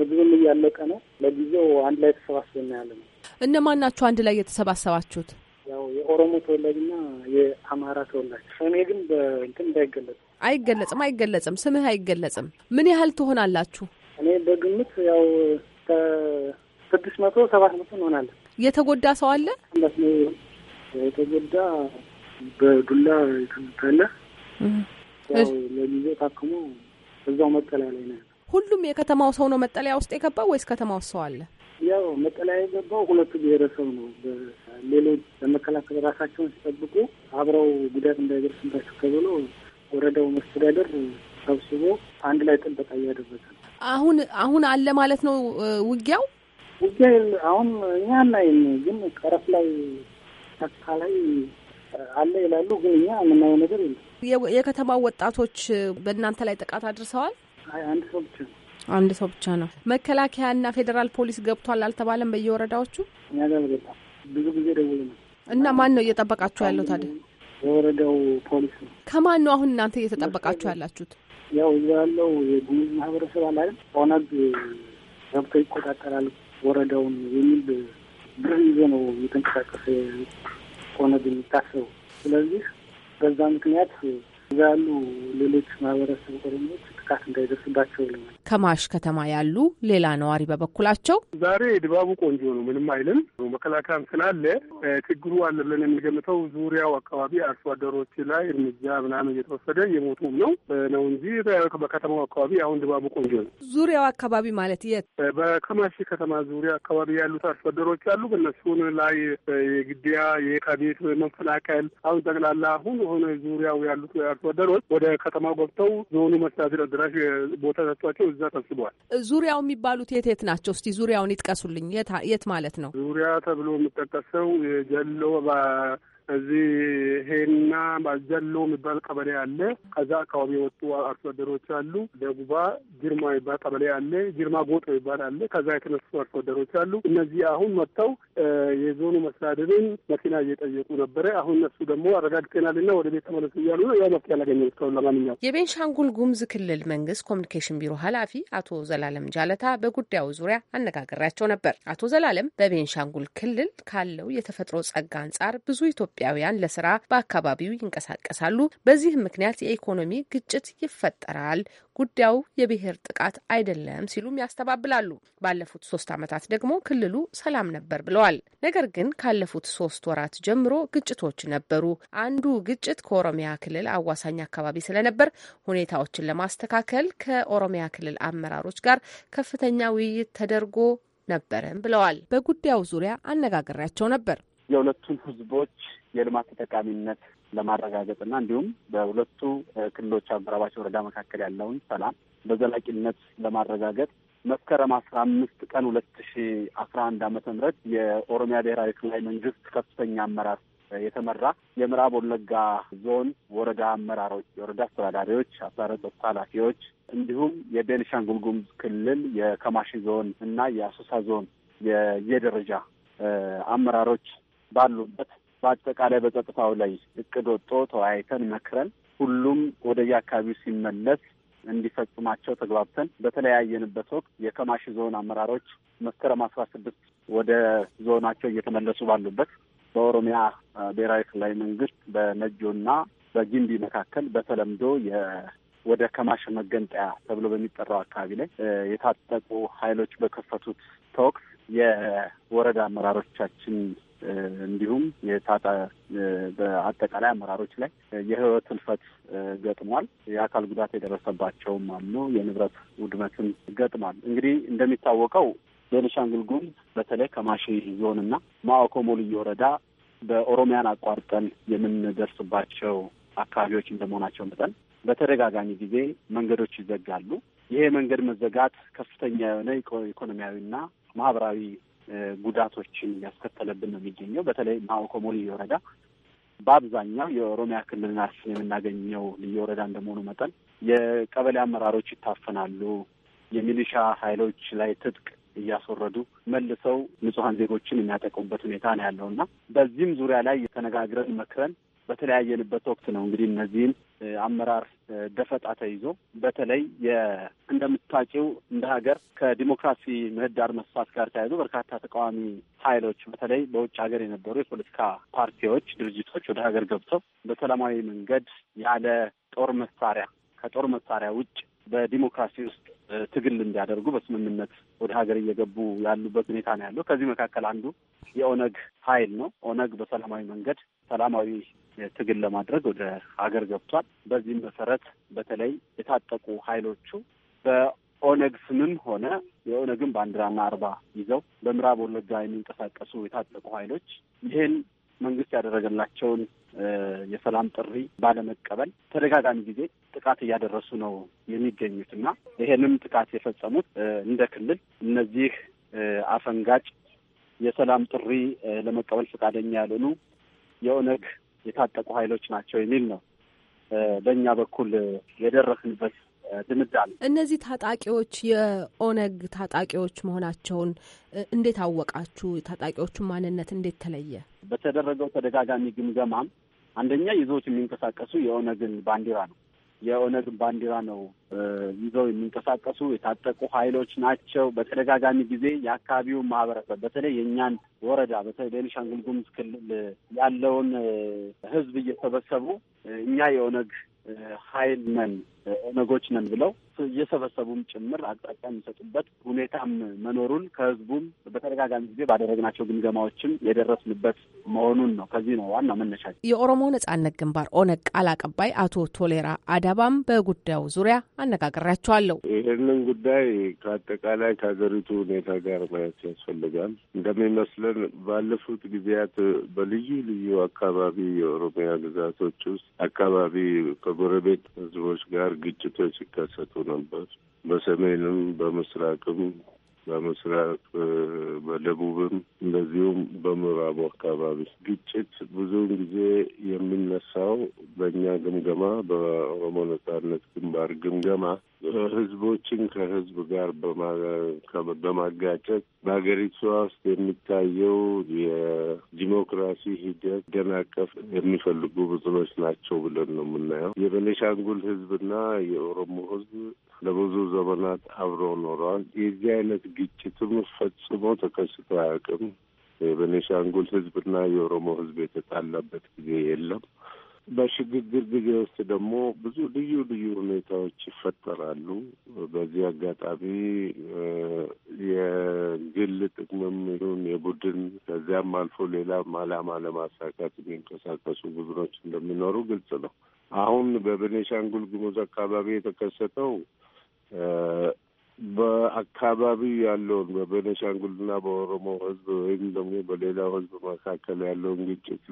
ምግብም እያለቀ ነው። ለጊዜው አንድ ላይ ተሰባስበና ያለ ነው። እነማን አንድ ላይ የተሰባሰባችሁት? የኦሮሞ ተወላጅና የአማራ ተወላጅ ስሜ ግን በእንትን እንዳይገለጽ አይገለጽም፣ አይገለጽም። ስምህ አይገለጽም። ምን ያህል ትሆናላችሁ? እኔ በግምት ያው ስድስት መቶ ሰባት መቶ እንሆናለን። የተጎዳ ሰው አለ? የተጎዳ በዱላ የተመታለ ለጊዜው ታክሞ እዛው መጠለያ ላይ ነው። ሁሉም የከተማው ሰው ነው መጠለያ ውስጥ የገባው ወይስ ከተማ ውስጥ ሰው አለ? ያው መጠለያ የገባው ሁለቱ ብሔረሰብ ነው። ሌሎች ለመከላከል ራሳቸውን ሲጠብቁ አብረው ጉዳት እንዳይደርስባቸው ተብሎ ወረዳው መስተዳደር ሰብስቦ አንድ ላይ ጥበቃ እያደረገ ነው። አሁን አሁን አለ ማለት ነው ውጊያው ውጊያ አሁን እኛ አናይም፣ ግን ቀረፍ ላይ ተካ ላይ አለ ይላሉ፣ ግን እኛ የምናየው ነገር የለም። የከተማው ወጣቶች በእናንተ ላይ ጥቃት አድርሰዋል? አንድ ሰው ብቻ ነው አንድ ሰው ብቻ ነው። መከላከያና ፌዴራል ፖሊስ ገብቷል አልተባለም? በየወረዳዎቹ እኛ ጋር ብዙ ጊዜ ደውል ነው እና ማን ነው እየጠበቃችሁ ያለው ታዲያ? የወረዳው ፖሊስ ነው። ከማን ነው አሁን እናንተ እየተጠበቃችሁ ያላችሁት? ያው እዛ ያለው የጉሙዝ ማህበረሰብ አለ አይደል? ኦነግ ገብቶ ይቆጣጠራል ወረዳውን የሚል ብር ይዞ ነው የተንቀሳቀሰ ኦነግ የሚታሰበው። ስለዚህ በዛ ምክንያት እዛ ያሉ ሌሎች ማህበረሰብ ቀደሞች ጥቃት እንዳይደርስባቸው ይለዋል። ከማሽ ከተማ ያሉ ሌላ ነዋሪ በበኩላቸው ዛሬ ድባቡ ቆንጆ ነው፣ ምንም አይልም። መከላከያም ስላለ ችግሩ አለ ብለን የምንገምተው ዙሪያው አካባቢ አርሶ አደሮች ላይ እርምጃ ምናምን እየተወሰደ የሞቱም ነው ነው እንጂ በከተማው አካባቢ አሁን ድባቡ ቆንጆ ነው። ዙሪያው አካባቢ ማለት የት? በከማሽ ከተማ ዙሪያ አካባቢ ያሉት አርሶ አደሮች አሉ። በእነሱን ላይ የግድያ የከቤት መፈናቀል አሁን ጠቅላላ አሁን የሆነ ዙሪያው ያሉት አርሶ አደሮች ወደ ከተማው ገብተው ዞኑ መስተዳድር አዳራሽ ቦታ ሰጥቷቸው እዛ ሰብስበዋል። ዙሪያው የሚባሉት የት የት ናቸው? እስቲ ዙሪያውን ይጥቀሱልኝ። የት ማለት ነው ዙሪያ ተብሎ የሚጠቀሰው የጀሎ እዚህ ሄና ማጀሎ የሚባል ቀበሌ አለ። ከዛ አካባቢ የወጡ አርሶ አደሮች አሉ። ደጉባ ጅርማ የሚባል ቀበሌ አለ። ጅርማ ጎጦ የሚባል አለ። ከዛ የተነሱ አርሶ አደሮች አሉ። እነዚህ አሁን መጥተው የዞኑ መስተዳድርን መኪና እየጠየቁ ነበረ። አሁን እነሱ ደግሞ አረጋግጠናልና ወደ ቤት ተመለሱ እያሉ ነው። ያው መፍትሄ አላገኘም እስካሁን። ለማንኛውም የቤንሻንጉል ጉሙዝ ክልል መንግስት ኮሚኒኬሽን ቢሮ ኃላፊ አቶ ዘላለም ጃለታ በጉዳዩ ዙሪያ አነጋገራቸው ነበር። አቶ ዘላለም በቤንሻንጉል ክልል ካለው የተፈጥሮ ጸጋ አንጻር ብዙ ኢትዮጵያ ኢትዮጵያውያን ለስራ በአካባቢው ይንቀሳቀሳሉ። በዚህም ምክንያት የኢኮኖሚ ግጭት ይፈጠራል። ጉዳዩ የብሔር ጥቃት አይደለም ሲሉም ያስተባብላሉ። ባለፉት ሶስት ዓመታት ደግሞ ክልሉ ሰላም ነበር ብለዋል። ነገር ግን ካለፉት ሶስት ወራት ጀምሮ ግጭቶች ነበሩ። አንዱ ግጭት ከኦሮሚያ ክልል አዋሳኝ አካባቢ ስለነበር ሁኔታዎችን ለማስተካከል ከኦሮሚያ ክልል አመራሮች ጋር ከፍተኛ ውይይት ተደርጎ ነበረም ብለዋል። በጉዳዩ ዙሪያ አነጋግሬያቸው ነበር። የሁለቱን ህዝቦች የልማት ተጠቃሚነት ለማረጋገጥና እንዲሁም በሁለቱ ክልሎች አጎራባች ወረዳ መካከል ያለውን ሰላም በዘላቂነት ለማረጋገጥ መስከረም አስራ አምስት ቀን ሁለት ሺ አስራ አንድ አመተ ምህረት የኦሮሚያ ብሔራዊ ክልላዊ መንግስት ከፍተኛ አመራር የተመራ የምዕራብ ወለጋ ዞን ወረዳ አመራሮች፣ የወረዳ አስተዳዳሪዎች፣ አስራረጦች ኃላፊዎች እንዲሁም የቤኒሻንጉል ጉሙዝ ክልል የከማሺ ዞን እና የአሶሳ ዞን የየደረጃ አመራሮች ባሉበት በአጠቃላይ በጸጥታው ላይ እቅድ ወጦ ተወያይተን መክረን ሁሉም ወደየ አካባቢው ሲመለስ እንዲፈጽማቸው ተግባብተን በተለያየንበት ወቅት የከማሽ ዞን አመራሮች መስከረም አስራ ስድስት ወደ ዞናቸው እየተመለሱ ባሉበት በኦሮሚያ ብሔራዊ ክልላዊ መንግስት በነጆና በጊምቢ መካከል በተለምዶ ወደ ከማሽ መገንጠያ ተብሎ በሚጠራው አካባቢ ላይ የታጠቁ ኃይሎች በከፈቱት ተኩስ የወረዳ አመራሮቻችን እንዲሁም የታጣ በአጠቃላይ አመራሮች ላይ የህይወት ህልፈት ገጥሟል። የአካል ጉዳት የደረሰባቸውም አሉ። የንብረት ውድመትም ገጥሟል። እንግዲህ እንደሚታወቀው ቤኒሻንጉል ጉሙዝ በተለይ ከማሺ ዞንና ማኦኮሞ ልዩ ወረዳ በኦሮሚያን አቋርጠን የምንደርስባቸው አካባቢዎች እንደመሆናቸው መጠን በተደጋጋሚ ጊዜ መንገዶች ይዘጋሉ። ይሄ መንገድ መዘጋት ከፍተኛ የሆነ ኢኮኖሚያዊና ማህበራዊ ጉዳቶችን ያስከተለብን ነው የሚገኘው። በተለይ ማኦኮሞ ልዩ ወረዳ በአብዛኛው የኦሮሚያ ክልልን አርፍን የምናገኘው ልዩ ወረዳ እንደመሆኑ መጠን የቀበሌ አመራሮች ይታፈናሉ። የሚሊሻ ኃይሎች ላይ ትጥቅ እያስወረዱ መልሰው ንጹሐን ዜጎችን የሚያጠቁበት ሁኔታ ነው ያለው እና በዚህም ዙሪያ ላይ ተነጋግረን መክረን በተለያየንበት ወቅት ነው እንግዲህ እነዚህን አመራር ደፈጣ ተይዞ በተለይ እንደምታውቂው እንደ ሀገር ከዲሞክራሲ ምህዳር መስፋት ጋር ተያይዞ በርካታ ተቃዋሚ ኃይሎች በተለይ በውጭ ሀገር የነበሩ የፖለቲካ ፓርቲዎች፣ ድርጅቶች ወደ ሀገር ገብተው በሰላማዊ መንገድ ያለ ጦር መሳሪያ ከጦር መሳሪያ ውጭ በዲሞክራሲ ውስጥ ትግል እንዲያደርጉ በስምምነት ወደ ሀገር እየገቡ ያሉበት ሁኔታ ነው ያለው። ከዚህ መካከል አንዱ የኦነግ ኃይል ነው። ኦነግ በሰላማዊ መንገድ ሰላማዊ ትግል ለማድረግ ወደ ሀገር ገብቷል። በዚህም መሰረት በተለይ የታጠቁ ኃይሎቹ በኦነግ ስምም ሆነ የኦነግን ባንዲራና አርባ ይዘው በምዕራብ ወለጋ የሚንቀሳቀሱ የታጠቁ ኃይሎች ይህን መንግስት ያደረገላቸውን የሰላም ጥሪ ባለመቀበል ተደጋጋሚ ጊዜ ጥቃት እያደረሱ ነው የሚገኙት እና ይሄንም ጥቃት የፈጸሙት እንደ ክልል እነዚህ አፈንጋጭ የሰላም ጥሪ ለመቀበል ፈቃደኛ ያልሆኑ የኦነግ የታጠቁ ኃይሎች ናቸው የሚል ነው በእኛ በኩል የደረስንበት ድምዳሜ። እነዚህ ታጣቂዎች የኦነግ ታጣቂዎች መሆናቸውን እንዴት አወቃችሁ? ታጣቂዎቹን ማንነት እንዴት ተለየ? በተደረገው ተደጋጋሚ ግምገማም አንደኛ ይዞት የሚንቀሳቀሱ የኦነግን ባንዲራ ነው የኦነግ ባንዲራ ነው ይዘው የሚንቀሳቀሱ የታጠቁ ኃይሎች ናቸው። በተደጋጋሚ ጊዜ የአካባቢውን ማህበረሰብ በተለይ የእኛን ወረዳ በተለይ ቤኒሻንጉል ጉሙዝ ክልል ያለውን ሕዝብ እየሰበሰቡ እኛ የኦነግ ኃይል ነን ኦነጎች ነን ብለው እየሰበሰቡም ጭምር አቅጣጫ የሚሰጡበት ሁኔታም መኖሩን ከህዝቡም በተደጋጋሚ ጊዜ ባደረግናቸው ግምገማዎችም የደረስንበት መሆኑን ነው። ከዚህ ነው ዋና መነሻ። የኦሮሞ ነጻነት ግንባር ኦነግ ቃል አቀባይ አቶ ቶሌራ አዳባም በጉዳዩ ዙሪያ አነጋግሬያቸዋለሁ። ይህንን ጉዳይ ከአጠቃላይ ከሀገሪቱ ሁኔታ ጋር ማየት ያስፈልጋል። እንደሚመስለን ባለፉት ጊዜያት በልዩ ልዩ አካባቢ የኦሮሚያ ግዛቶች ውስጥ አካባቢ ከጎረቤት ህዝቦች ጋር ግጭቶች ሲከሰቱ ነበር። በሰሜንም በምስራቅም በምስራቅ በደቡብም እንደዚሁም በምዕራቡ አካባቢ ግጭት ብዙውን ጊዜ የሚነሳው በእኛ ግምገማ፣ በኦሮሞ ነጻነት ግንባር ግምገማ ህዝቦችን ከህዝብ ጋር በማጋጨት በሀገሪቷ ውስጥ የሚታየው የዲሞክራሲ ሂደት ደናቀፍ የሚፈልጉ ብዙኖች ናቸው ብለን ነው የምናየው። የቤኒሻንጉል ህዝብና የኦሮሞ ህዝብ ለብዙ ዘመናት አብረው ኖረዋል። የዚህ አይነት ግጭትም ፈጽሞ ተከስቶ አያውቅም። የቤኒሻንጉል ሕዝብና የኦሮሞ ህዝብ የተጣላበት ጊዜ የለም። በሽግግር ጊዜ ውስጥ ደግሞ ብዙ ልዩ ልዩ ሁኔታዎች ይፈጠራሉ። በዚህ አጋጣሚ የግል ጥቅምም ይሁን የቡድን ከዚያም አልፎ ሌላ አላማ ለማሳካት የሚንቀሳቀሱ ቡድኖች እንደሚኖሩ ግልጽ ነው። አሁን በቤኔሻንጉል ጉሙዝ አካባቢ የተከሰተው በአካባቢ ያለውን እና በኦሮሞ ህዝብ ወይም ደግሞ በሌላው ህዝብ መካከል ያለውን ግጭት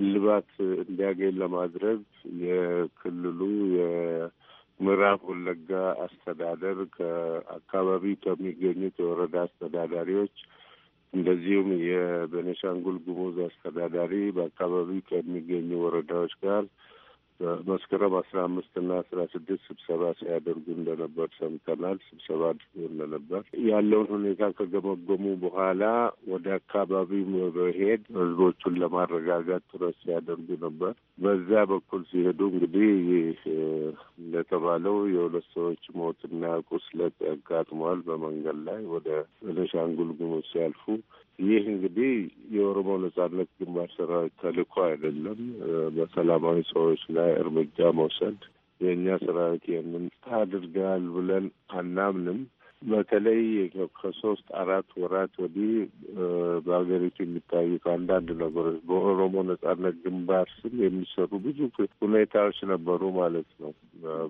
እልባት እንዲያገኝ ለማድረግ የክልሉ የምዕራብ ወለጋ አስተዳደር ከአካባቢ ከሚገኙት የወረዳ አስተዳዳሪዎች እንደዚሁም የቤኒሻንጉል ጉሙዝ አስተዳዳሪ በአካባቢ ከሚገኙ ወረዳዎች ጋር በመስከረም አስራ አምስት እና አስራ ስድስት ስብሰባ ሲያደርጉ እንደነበር ሰምተናል። ስብሰባ አድርጎ እንደነበር ያለውን ሁኔታ ከገመገሙ በኋላ ወደ አካባቢው በሄድ ህዝቦቹን ለማረጋጋት ጥረት ሲያደርጉ ነበር። በዛ በኩል ሲሄዱ እንግዲህ እንደተባለው የሁለት ሰዎች ሞትና ቁስለት ያጋጥመዋል። በመንገድ ላይ ወደ ቤኒሻንጉል ጉሙዝ ሲያልፉ ይህ እንግዲህ የኦሮሞ ነጻነት ግንባር ሰራዊት ተልእኮ አይደለም። በሰላማዊ ሰዎች ላይ እርምጃ መውሰድ የእኛ ሰራዊት ይህንን አድርገዋል ብለን አናምንም። በተለይ ከሶስት አራት ወራት ወዲህ በሀገሪቱ የሚታዩት አንዳንድ ነገሮች በኦሮሞ ነጻነት ግንባር ስም የሚሰሩ ብዙ ሁኔታዎች ነበሩ ማለት ነው።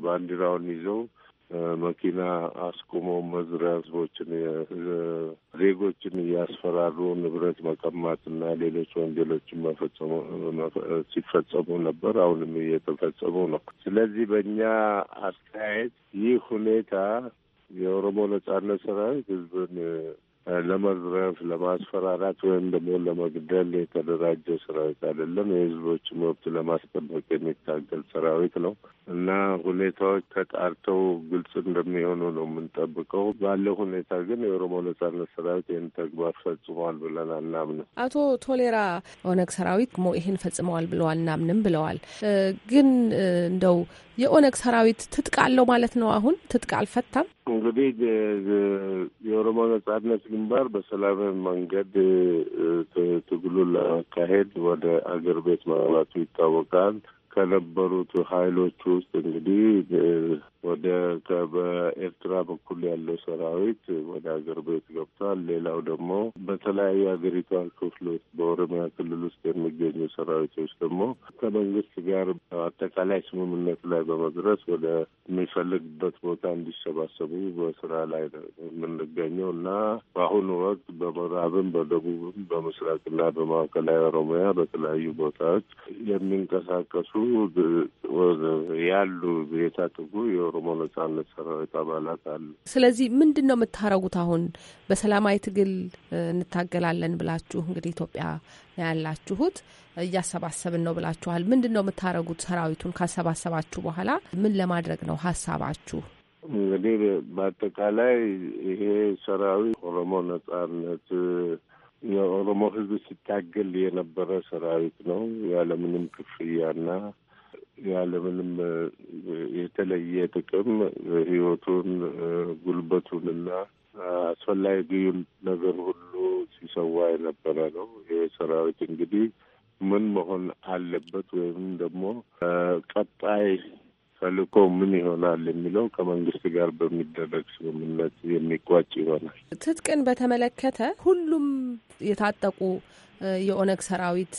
ባንዲራውን ይዘው መኪና አስቁሞ መዝሪያ ህዝቦችን ዜጎችን እያስፈራሩ ንብረት መቀማትና ሌሎች ወንጀሎችን ሲፈጸሙ ነበር። አሁንም እየተፈጸሙ ነው። ስለዚህ በእኛ አስተያየት ይህ ሁኔታ የኦሮሞ ነጻነት ሰራዊት ህዝብን ለመዝረፍ፣ ለማስፈራራት ወይም ደግሞ ለመግደል የተደራጀ ሰራዊት አይደለም። የህዝቦች መብት ለማስጠበቅ የሚታገል ሰራዊት ነው እና ሁኔታዎች ተጣርተው ግልጽ እንደሚሆኑ ነው የምንጠብቀው። ባለው ሁኔታ ግን የኦሮሞ ነጻነት ሰራዊት ይህን ተግባር ፈጽሟል ብለን አናምንም። አቶ ቶሌራ ኦነግ ሰራዊት ሞ ይህን ፈጽመዋል ብለው አናምንም ብለዋል። ግን እንደው የኦነግ ሰራዊት ትጥቅ አለው ማለት ነው? አሁን ትጥቅ አልፈታም እንግዲህ የኦሮሞ ነጻነት ግንባር በሰላማዊ መንገድ ትግሉን ለማካሄድ ወደ አገር ቤት መግባቱ ይታወቃል። ከነበሩት ኃይሎች ውስጥ እንግዲህ ወደ በኤርትራ በኩል ያለው ሰራዊት ወደ ሀገር ቤት ገብቷል። ሌላው ደግሞ በተለያዩ ሀገሪቷን ውስጥ በኦሮሚያ ክልል ውስጥ የሚገኙ ሰራዊቶች ደግሞ ከመንግስት ጋር አጠቃላይ ስምምነት ላይ በመድረስ ወደ የሚፈልግበት ቦታ እንዲሰባሰቡ በስራ ላይ የምንገኘው እና በአሁኑ ወቅት በምዕራብም በደቡብም በምስራቅና በማዕከላዊ ኦሮሚያ በተለያዩ ቦታዎች የሚንቀሳቀሱ ያሉ የታጠቁ የኦሮሞ ነጻነት ሰራዊት አባላት አሉ። ስለዚህ ምንድን ነው የምታረጉት? አሁን በሰላማዊ ትግል እንታገላለን ብላችሁ እንግዲህ ኢትዮጵያ ያላችሁት እያሰባሰብን ነው ብላችኋል። ምንድን ነው የምታረጉት? ሰራዊቱን ካሰባሰባችሁ በኋላ ምን ለማድረግ ነው ሀሳባችሁ? እንግዲህ በአጠቃላይ ይሄ ሰራዊት ኦሮሞ ነጻነት የኦሮሞ ሕዝብ ሲታገል የነበረ ሰራዊት ነው ያለምንም ክፍያና ያለምንም የተለየ ጥቅም ሕይወቱን ጉልበቱንና አስፈላጊውን ነገር ሁሉ ሲሰዋ የነበረ ነው። ይህ ሰራዊት እንግዲህ ምን መሆን አለበት ወይም ደግሞ ቀጣይ ተልእኮ ምን ይሆናል የሚለው ከመንግስት ጋር በሚደረግ ስምምነት የሚቋጭ ይሆናል። ትጥቅን በተመለከተ ሁሉም የታጠቁ የኦነግ ሰራዊት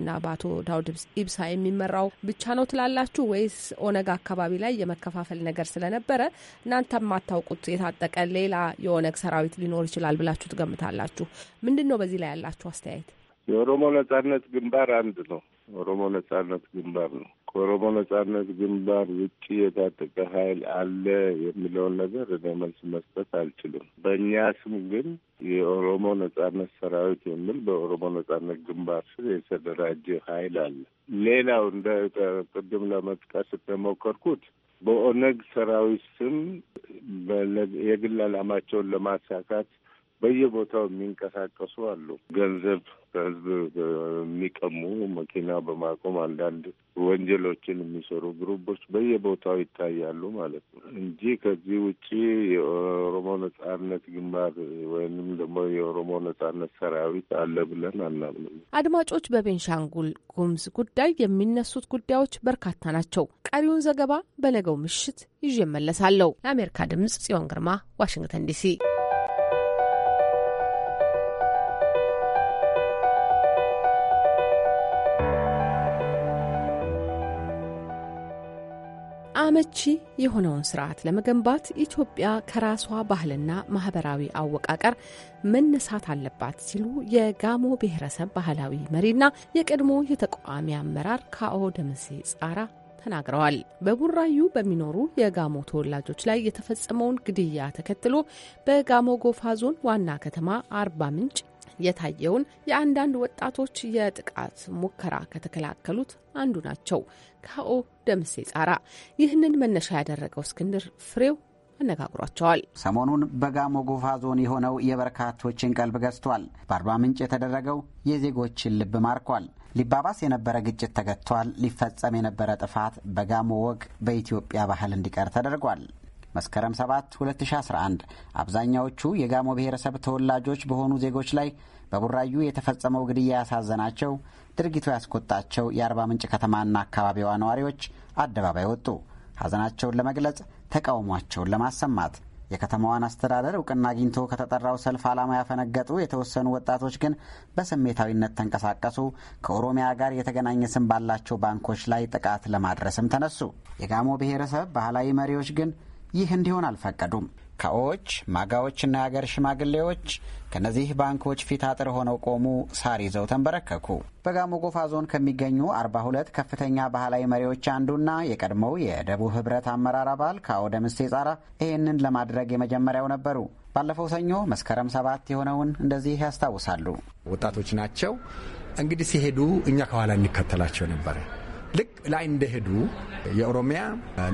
እና በአቶ ዳውድ ኢብሳ የሚመራው ብቻ ነው ትላላችሁ ወይስ ኦነግ አካባቢ ላይ የመከፋፈል ነገር ስለነበረ እናንተ የማታውቁት የታጠቀ ሌላ የኦነግ ሰራዊት ሊኖር ይችላል ብላችሁ ትገምታላችሁ? ምንድን ነው በዚህ ላይ ያላችሁ አስተያየት? የኦሮሞ ነጻነት ግንባር አንድ ነው። ኦሮሞ ነጻነት ግንባር ነው። ከኦሮሞ ነጻነት ግንባር ውጭ የታጠቀ ኃይል አለ የሚለውን ነገር እኔ መልስ መስጠት አልችልም። በእኛ ስም ግን የኦሮሞ ነጻነት ሰራዊት የሚል በኦሮሞ ነጻነት ግንባር ስር የተደራጀ ኃይል አለ። ሌላው እንደ ቅድም ለመጥቀስ እንደሞከርኩት በኦነግ ሰራዊት ስም የግል ዓላማቸውን ለማሳካት በየቦታው የሚንቀሳቀሱ አሉ። ገንዘብ ከህዝብ የሚቀሙ መኪና በማቆም አንዳንድ ወንጀሎችን የሚሰሩ ግሩቦች በየቦታው ይታያሉ ማለት ነው እንጂ ከዚህ ውጭ የኦሮሞ ነጻነት ግንባር ወይንም ደግሞ የኦሮሞ ነጻነት ሰራዊት አለ ብለን አናምንም። አድማጮች፣ በቤንሻንጉል ጉምዝ ጉዳይ የሚነሱት ጉዳዮች በርካታ ናቸው። ቀሪውን ዘገባ በነገው ምሽት ይዤ እመለሳለሁ። ለአሜሪካ ድምጽ ጽዮን ግርማ፣ ዋሽንግተን ዲሲ አመቺ የሆነውን ስርዓት ለመገንባት ኢትዮጵያ ከራሷ ባህልና ማህበራዊ አወቃቀር መነሳት አለባት ሲሉ የጋሞ ብሔረሰብ ባህላዊ መሪና የቀድሞ የተቃዋሚ አመራር ካኦ ደምሴ ጻራ ተናግረዋል። በቡራዩ በሚኖሩ የጋሞ ተወላጆች ላይ የተፈጸመውን ግድያ ተከትሎ በጋሞ ጎፋ ዞን ዋና ከተማ አርባ ምንጭ የታየውን የአንዳንድ ወጣቶች የጥቃት ሙከራ ከተከላከሉት አንዱ ናቸው። ካኦ ደምሴ ጻራ ይህንን መነሻ ያደረገው እስክንድር ፍሬው አነጋግሯቸዋል። ሰሞኑን በጋሞ ጎፋ ዞን የሆነው የበርካቶችን ቀልብ ገዝቷል። በአርባ ምንጭ የተደረገው የዜጎችን ልብ ማርኳል። ሊባባስ የነበረ ግጭት ተገጥቷል። ሊፈጸም የነበረ ጥፋት በጋሞ ወግ በኢትዮጵያ ባህል እንዲቀር ተደርጓል። መስከረም 7 2011 አብዛኛዎቹ የጋሞ ብሔረሰብ ተወላጆች በሆኑ ዜጎች ላይ በቡራዩ የተፈጸመው ግድያ ያሳዘናቸው፣ ድርጊቱ ያስቆጣቸው የአርባ ምንጭ ከተማና አካባቢዋ ነዋሪዎች አደባባይ ወጡ። ሐዘናቸውን ለመግለጽ፣ ተቃውሟቸውን ለማሰማት የከተማዋን አስተዳደር እውቅና አግኝቶ ከተጠራው ሰልፍ ዓላማ ያፈነገጡ የተወሰኑ ወጣቶች ግን በስሜታዊነት ተንቀሳቀሱ። ከኦሮሚያ ጋር የተገናኘ ስም ባላቸው ባንኮች ላይ ጥቃት ለማድረስም ተነሱ። የጋሞ ብሔረሰብ ባህላዊ መሪዎች ግን ይህ እንዲሆን አልፈቀዱም። ካዎች ማጋዎችና የአገር ሽማግሌዎች ከነዚህ ባንኮች ፊት አጥር ሆነው ቆሙ፣ ሳር ይዘው ተንበረከኩ። በጋሞ ጎፋ ዞን ከሚገኙ 42 ከፍተኛ ባህላዊ መሪዎች አንዱና የቀድሞው የደቡብ ህብረት አመራር አባል ካዎ ደምሴ ጻራ ይህንን ለማድረግ የመጀመሪያው ነበሩ። ባለፈው ሰኞ መስከረም ሰባት የሆነውን እንደዚህ ያስታውሳሉ። ወጣቶች ናቸው እንግዲህ ሲሄዱ እኛ ከኋላ እንከተላቸው ነበረ። ልክ ላይ እንደሄዱ የኦሮሚያ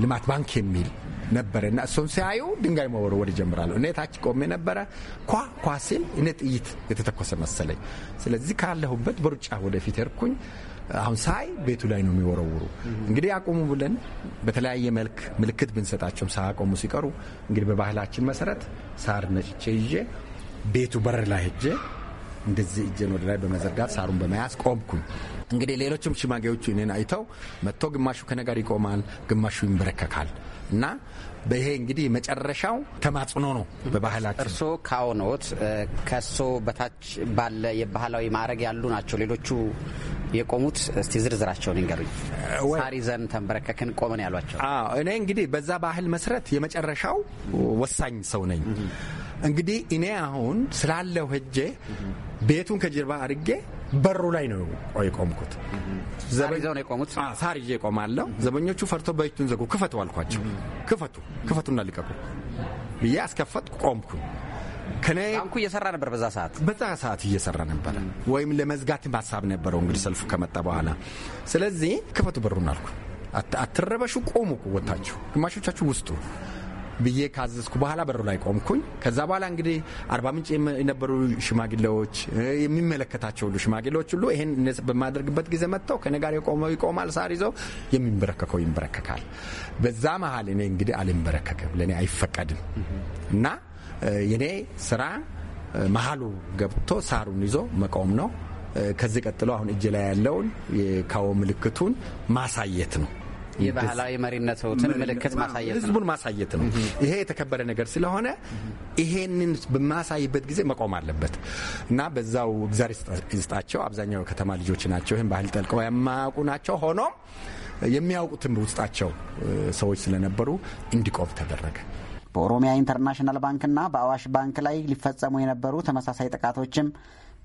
ልማት ባንክ የሚል ነበረ እና እሱን ሲያዩ ድንጋይ መወርወር ይጀምራሉ። እኔ ታች ቆሜ ነበረ። ኳ ኳ ሲል እኔ ጥይት የተተኮሰ መሰለኝ። ስለዚህ ካለሁበት በሩጫ ወደፊት ርኩኝ። አሁን ሳይ ቤቱ ላይ ነው የሚወረውሩ። እንግዲህ አቁሙ ብለን በተለያየ መልክ ምልክት ብንሰጣቸውም ሳያቆሙ ሲቀሩ እንግዲህ በባህላችን መሰረት ሳር ነጭቼ ይዤ ቤቱ በር ላይ ሄጄ እንደዚህ እጄን ወደ ላይ በመዘርጋት ሳሩን በመያዝ ቆምኩኝ። እንግዲህ ሌሎችም ሽማጌዎቹ እኔን አይተው መጥቶ ግማሹ ከነጋር ይቆማል፣ ግማሹ ይንበረከካል እና ይሄ እንግዲህ መጨረሻው ተማጽኖ ነው። በባህላችን እርሶ ካዎኖት ከሶ በታች ባለ የባህላዊ ማዕረግ ያሉ ናቸው ሌሎቹ የቆሙት እስቲ ዝርዝራቸውን ይንገሩኝ። ዘን ተንበረከክን ቆመን ያሏቸው። እኔ እንግዲህ በዛ ባህል መሰረት የመጨረሻው ወሳኝ ሰው ነኝ። እንግዲህ እኔ አሁን ስላለው ህጄ ቤቱን ከጀርባ አድርጌ በሩ ላይ ነው የቆምኩት። ዘበኛው ነው የቆሙት። ሳር ይዤ እቆማለሁ። ዘበኞቹ ፈርቶ በእጁን ዘጉ። ክፈቱ አልኳቸው። ክፈቱ ክፈቱና ልቀቁ ብዬ አስከፈትኩ። ቆምኩ። ከኔ ባንኩ እየሰራ ነበር። በዛ ሰዓት በዛ ሰዓት እየሰራ ነበረ፣ ወይም ለመዝጋት ሀሳብ ነበረው እንግዲህ ሰልፉ ከመጣ በኋላ። ስለዚህ ክፈቱ በሩን አልኩ። አትረበሹ፣ ቆሙ፣ ወታችሁ ግማሾቻችሁ ውስጡ ብዬ ካዘዝኩ በኋላ በሩ ላይ ቆምኩኝ። ከዛ በኋላ እንግዲህ አርባ ምንጭ የነበሩ ሽማግሌዎች፣ የሚመለከታቸው ሁሉ ሽማግሌዎች ሁሉ ይሄን በማደርግበት ጊዜ መጥተው ከኔ ጋር የቆመው ይቆማል፣ ሳር ይዘው የሚንበረከከው ይንበረከካል። በዛ መሀል እኔ እንግዲህ አልንበረከክም፣ ለእኔ አይፈቀድም እና የኔ ስራ መሀሉ ገብቶ ሳሩን ይዞ መቆም ነው። ከዚህ ቀጥሎ አሁን እጅ ላይ ያለውን የካዎ ምልክቱን ማሳየት ነው። የባህላዊ መሪነትን ምልክት ማሳየት ነው፣ ህዝቡን ማሳየት ነው። ይሄ የተከበረ ነገር ስለሆነ ይሄንን በማሳይበት ጊዜ መቆም አለበት እና በዛው እግዚአብሔር ይስጣቸው። አብዛኛው ከተማ ልጆች ናቸው፣ ይህን ባህል ጠልቀው የማያውቁ ናቸው። ሆኖም የሚያውቁትም ውስጣቸው ሰዎች ስለነበሩ እንዲቆም ተደረገ። በኦሮሚያ ኢንተርናሽናል ባንክና በአዋሽ ባንክ ላይ ሊፈጸሙ የነበሩ ተመሳሳይ ጥቃቶችም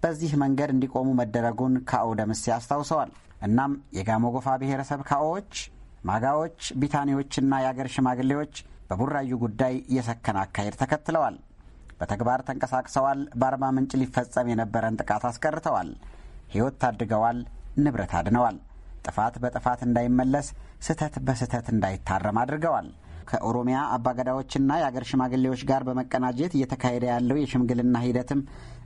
በዚህ መንገድ እንዲቆሙ መደረጉን ካኦ ደምሴ አስታውሰዋል። እናም የጋሞ ጎፋ ብሔረሰብ ካኦዎች ማጋዎች፣ ቢታኒዎችና የአገር ሽማግሌዎች በቡራዩ ጉዳይ የሰከነ አካሄድ ተከትለዋል። በተግባር ተንቀሳቅሰዋል። በአርባ ምንጭ ሊፈጸም የነበረን ጥቃት አስቀርተዋል። ሕይወት ታድገዋል። ንብረት አድነዋል። ጥፋት በጥፋት እንዳይመለስ፣ ስህተት በስህተት እንዳይታረም አድርገዋል። ከኦሮሚያ አባገዳዎችና የአገር ሽማግሌዎች ጋር በመቀናጀት እየተካሄደ ያለው የሽምግልና ሂደትም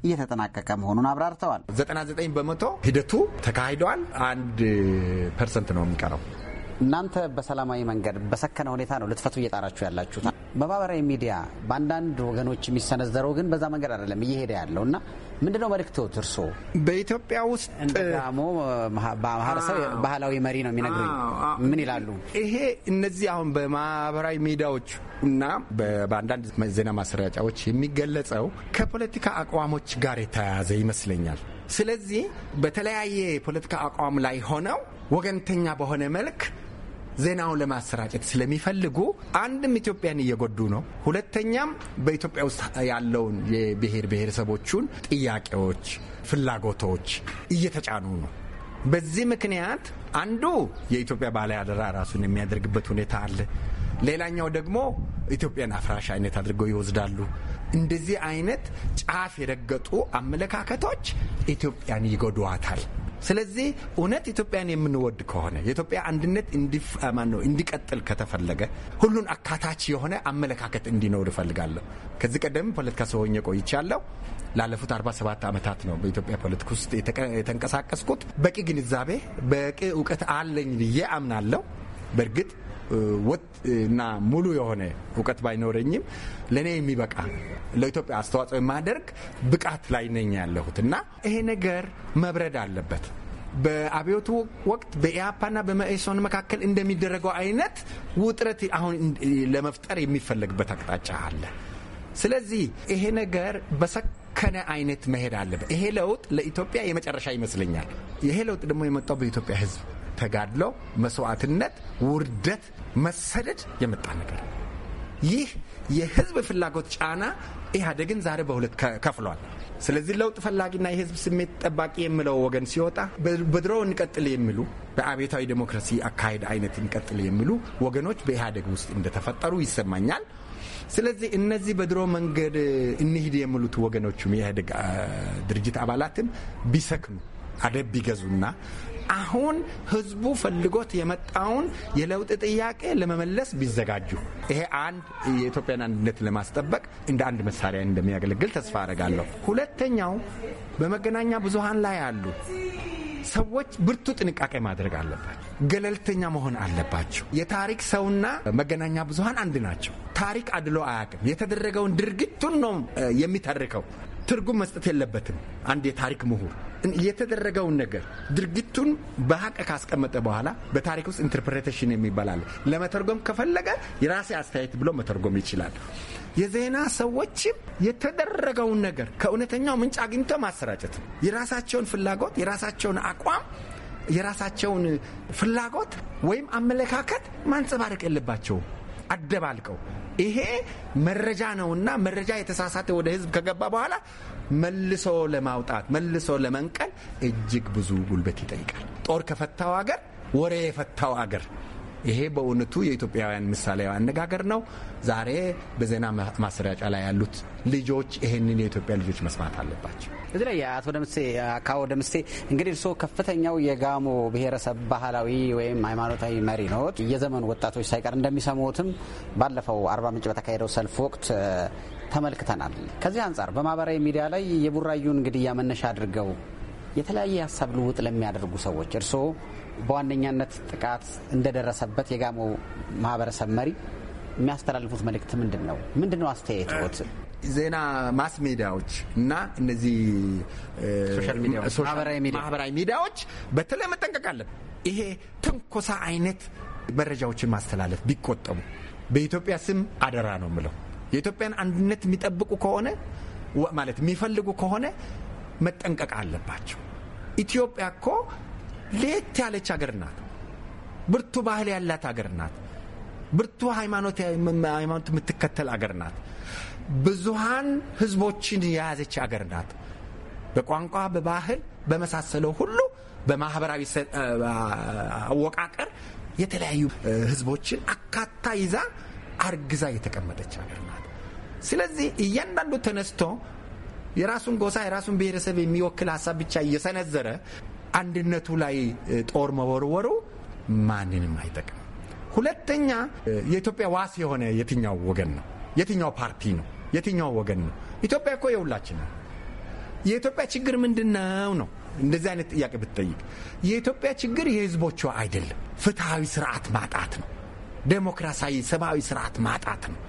እየተጠናቀቀ መሆኑን አብራርተዋል። 99 በመቶ ሂደቱ ተካሂደዋል። አንድ ፐርሰንት ነው የሚቀረው እናንተ በሰላማዊ መንገድ በሰከነ ሁኔታ ነው ልትፈቱ እየጣራችሁ ያላችሁ። በማህበራዊ ሚዲያ በአንዳንድ ወገኖች የሚሰነዘረው ግን በዛ መንገድ አይደለም እየሄደ ያለው እና ምንድነው መልእክቶት እርሶ? በኢትዮጵያ ውስጥ ሞ ማህበረሰብ ባህላዊ መሪ ነው የሚነግሩኝ ምን ይላሉ? ይሄ እነዚህ አሁን በማህበራዊ ሚዲያዎች እና በአንዳንድ ዜና ማሰራጫዎች የሚገለጸው ከፖለቲካ አቋሞች ጋር የተያያዘ ይመስለኛል። ስለዚህ በተለያየ የፖለቲካ አቋም ላይ ሆነው ወገንተኛ በሆነ መልክ ዜናውን ለማሰራጨት ስለሚፈልጉ አንድም ኢትዮጵያን እየጎዱ ነው፣ ሁለተኛም በኢትዮጵያ ውስጥ ያለውን የብሔር ብሔረሰቦቹን ጥያቄዎች፣ ፍላጎቶች እየተጫኑ ነው። በዚህ ምክንያት አንዱ የኢትዮጵያ ባለአደራ ራሱን የሚያደርግበት ሁኔታ አለ። ሌላኛው ደግሞ ኢትዮጵያን አፍራሽ አይነት አድርገው ይወስዳሉ። እንደዚህ አይነት ጫፍ የረገጡ አመለካከቶች ኢትዮጵያን ይጎዷታል። ስለዚህ እውነት ኢትዮጵያን የምንወድ ከሆነ የኢትዮጵያ አንድነት ነው እንዲቀጥል ከተፈለገ ሁሉን አካታች የሆነ አመለካከት እንዲኖር እፈልጋለሁ። ከዚህ ቀደም ፖለቲካ ሰው ሆኜ ቆይቻለሁ። ላለፉት 47 ዓመታት ነው በኢትዮጵያ ፖለቲካ ውስጥ የተንቀሳቀስኩት። በቂ ግንዛቤ፣ በቂ እውቀት አለኝ ብዬ አምናለሁ። በእርግጥ ወጥ እና ሙሉ የሆነ እውቀት ባይኖረኝም ለእኔ የሚበቃ ለኢትዮጵያ አስተዋጽኦ የማደርግ ብቃት ላይ ነኝ ያለሁት እና ይሄ ነገር መብረድ አለበት። በአብዮቱ ወቅት በኢያፓና በመኢሶን መካከል እንደሚደረገው አይነት ውጥረት አሁን ለመፍጠር የሚፈለግበት አቅጣጫ አለ። ስለዚህ ይሄ ነገር በሰከነ አይነት መሄድ አለበት። ይሄ ለውጥ ለኢትዮጵያ የመጨረሻ ይመስለኛል። ይሄ ለውጥ ደግሞ የመጣው በኢትዮጵያ ሕዝብ ተጋድሎ፣ መስዋዕትነት፣ ውርደት መሰደድ የመጣ ነገር ይህ የህዝብ ፍላጎት ጫና ኢህአዴግን ዛሬ በሁለት ከፍሏል። ስለዚህ ለውጥ ፈላጊና የህዝብ ስሜት ጠባቂ የሚለው ወገን ሲወጣ በድሮው እንቀጥል የሚሉ በአብዮታዊ ዴሞክራሲ አካሄድ አይነት እንቀጥል የሚሉ ወገኖች በኢህአዴግ ውስጥ እንደተፈጠሩ ይሰማኛል። ስለዚህ እነዚህ በድሮ መንገድ እንሂድ የሚሉት ወገኖቹም የኢህአዴግ ድርጅት አባላትም ቢሰክኑ አደብ ቢገዙና አሁን ህዝቡ ፈልጎት የመጣውን የለውጥ ጥያቄ ለመመለስ ቢዘጋጁ ይሄ አንድ የኢትዮጵያን አንድነት ለማስጠበቅ እንደ አንድ መሳሪያ እንደሚያገለግል ተስፋ አረጋለሁ። ሁለተኛው በመገናኛ ብዙሃን ላይ አሉ ሰዎች ብርቱ ጥንቃቄ ማድረግ አለባቸው። ገለልተኛ መሆን አለባቸው። የታሪክ ሰውና መገናኛ ብዙሃን አንድ ናቸው። ታሪክ አድሎ አያውቅም። የተደረገውን ድርጊቱን ነው የሚተርከው። ትርጉም መስጠት የለበትም። አንድ የታሪክ ምሁር የተደረገውን ነገር ድርጊቱን በሀቅ ካስቀመጠ በኋላ በታሪክ ውስጥ ኢንተርፕሬቴሽን የሚባል አለ። ለመተርጎም ከፈለገ የራሴ አስተያየት ብሎ መተርጎም ይችላል። የዜና ሰዎችም የተደረገውን ነገር ከእውነተኛው ምንጭ አግኝተው ማሰራጨት ነው። የራሳቸውን ፍላጎት፣ የራሳቸውን አቋም፣ የራሳቸውን ፍላጎት ወይም አመለካከት ማንጸባረቅ የለባቸውም አደባልቀው ይሄ መረጃ ነውና መረጃ የተሳሳተ ወደ ህዝብ ከገባ በኋላ መልሶ ለማውጣት መልሶ ለመንቀል እጅግ ብዙ ጉልበት ይጠይቃል። ጦር ከፈታው አገር ወሬ የፈታው አገር። ይሄ በእውነቱ የኢትዮጵያውያን ምሳሌያዊ አነጋገር ነው። ዛሬ በዜና ማሰራጫ ላይ ያሉት ልጆች ይሄንን የኢትዮጵያ ልጆች መስማት አለባቸው። በተለይ አቶ ደምሴ አካዎ ደምሴ እንግዲህ እርስዎ ከፍተኛው የጋሞ ብሔረሰብ ባህላዊ ወይም ሃይማኖታዊ መሪ ኖት። የዘመኑ ወጣቶች ሳይቀር እንደሚሰሙትም ባለፈው አርባ ምንጭ በተካሄደው ሰልፍ ወቅት ተመልክተናል። ከዚህ አንጻር በማህበራዊ ሚዲያ ላይ የቡራዩን ግድያ መነሻ አድርገው የተለያየ ሀሳብ ልውጥ ለሚያደርጉ ሰዎች እርስዎ በዋነኛነት ጥቃት እንደደረሰበት የጋሞ ማህበረሰብ መሪ የሚያስተላልፉት መልእክት ምንድን ነው? ምንድን ነው አስተያየት ዜና ማስ ሜዲያዎች እና እነዚህ ማህበራዊ ሚዲያዎች በተለይ መጠንቀቅ ይሄ ትንኮሳ አይነት መረጃዎችን ማስተላለፍ ቢቆጠቡ በኢትዮጵያ ስም አደራ ነው የምለው። የኢትዮጵያን አንድነት የሚጠብቁ ከሆነ ማለት የሚፈልጉ ከሆነ መጠንቀቅ አለባቸው። ኢትዮጵያ እኮ ለየት ያለች ሀገር ናት። ብርቱ ባህል ያላት ሀገር ናት። ብርቱ ሃይማኖት የምትከተል አገር ናት። ብዙሃን ህዝቦችን የያዘች አገር ናት። በቋንቋ፣ በባህል፣ በመሳሰለው ሁሉ በማህበራዊ አወቃቀር የተለያዩ ህዝቦችን አካታ ይዛ አርግዛ የተቀመጠች አገር ናት። ስለዚህ እያንዳንዱ ተነስቶ የራሱን ጎሳ የራሱን ብሔረሰብ የሚወክል ሀሳብ ብቻ እየሰነዘረ አንድነቱ ላይ ጦር መወርወሩ ማንንም አይጠቅም። ሁለተኛ የኢትዮጵያ ዋስ የሆነ የትኛው ወገን ነው? የትኛው ፓርቲ ነው? የትኛው ወገን ነው? ኢትዮጵያ እኮ የሁላችን ነው። የኢትዮጵያ ችግር ምንድን ነው ነው እንደዚህ አይነት ጥያቄ ብትጠይቅ የኢትዮጵያ ችግር የህዝቦቿ አይደለም። ፍትሐዊ ስርዓት ማጣት ነው። ዴሞክራሲያዊ ሰብአዊ ስርዓት ማጣት ነው።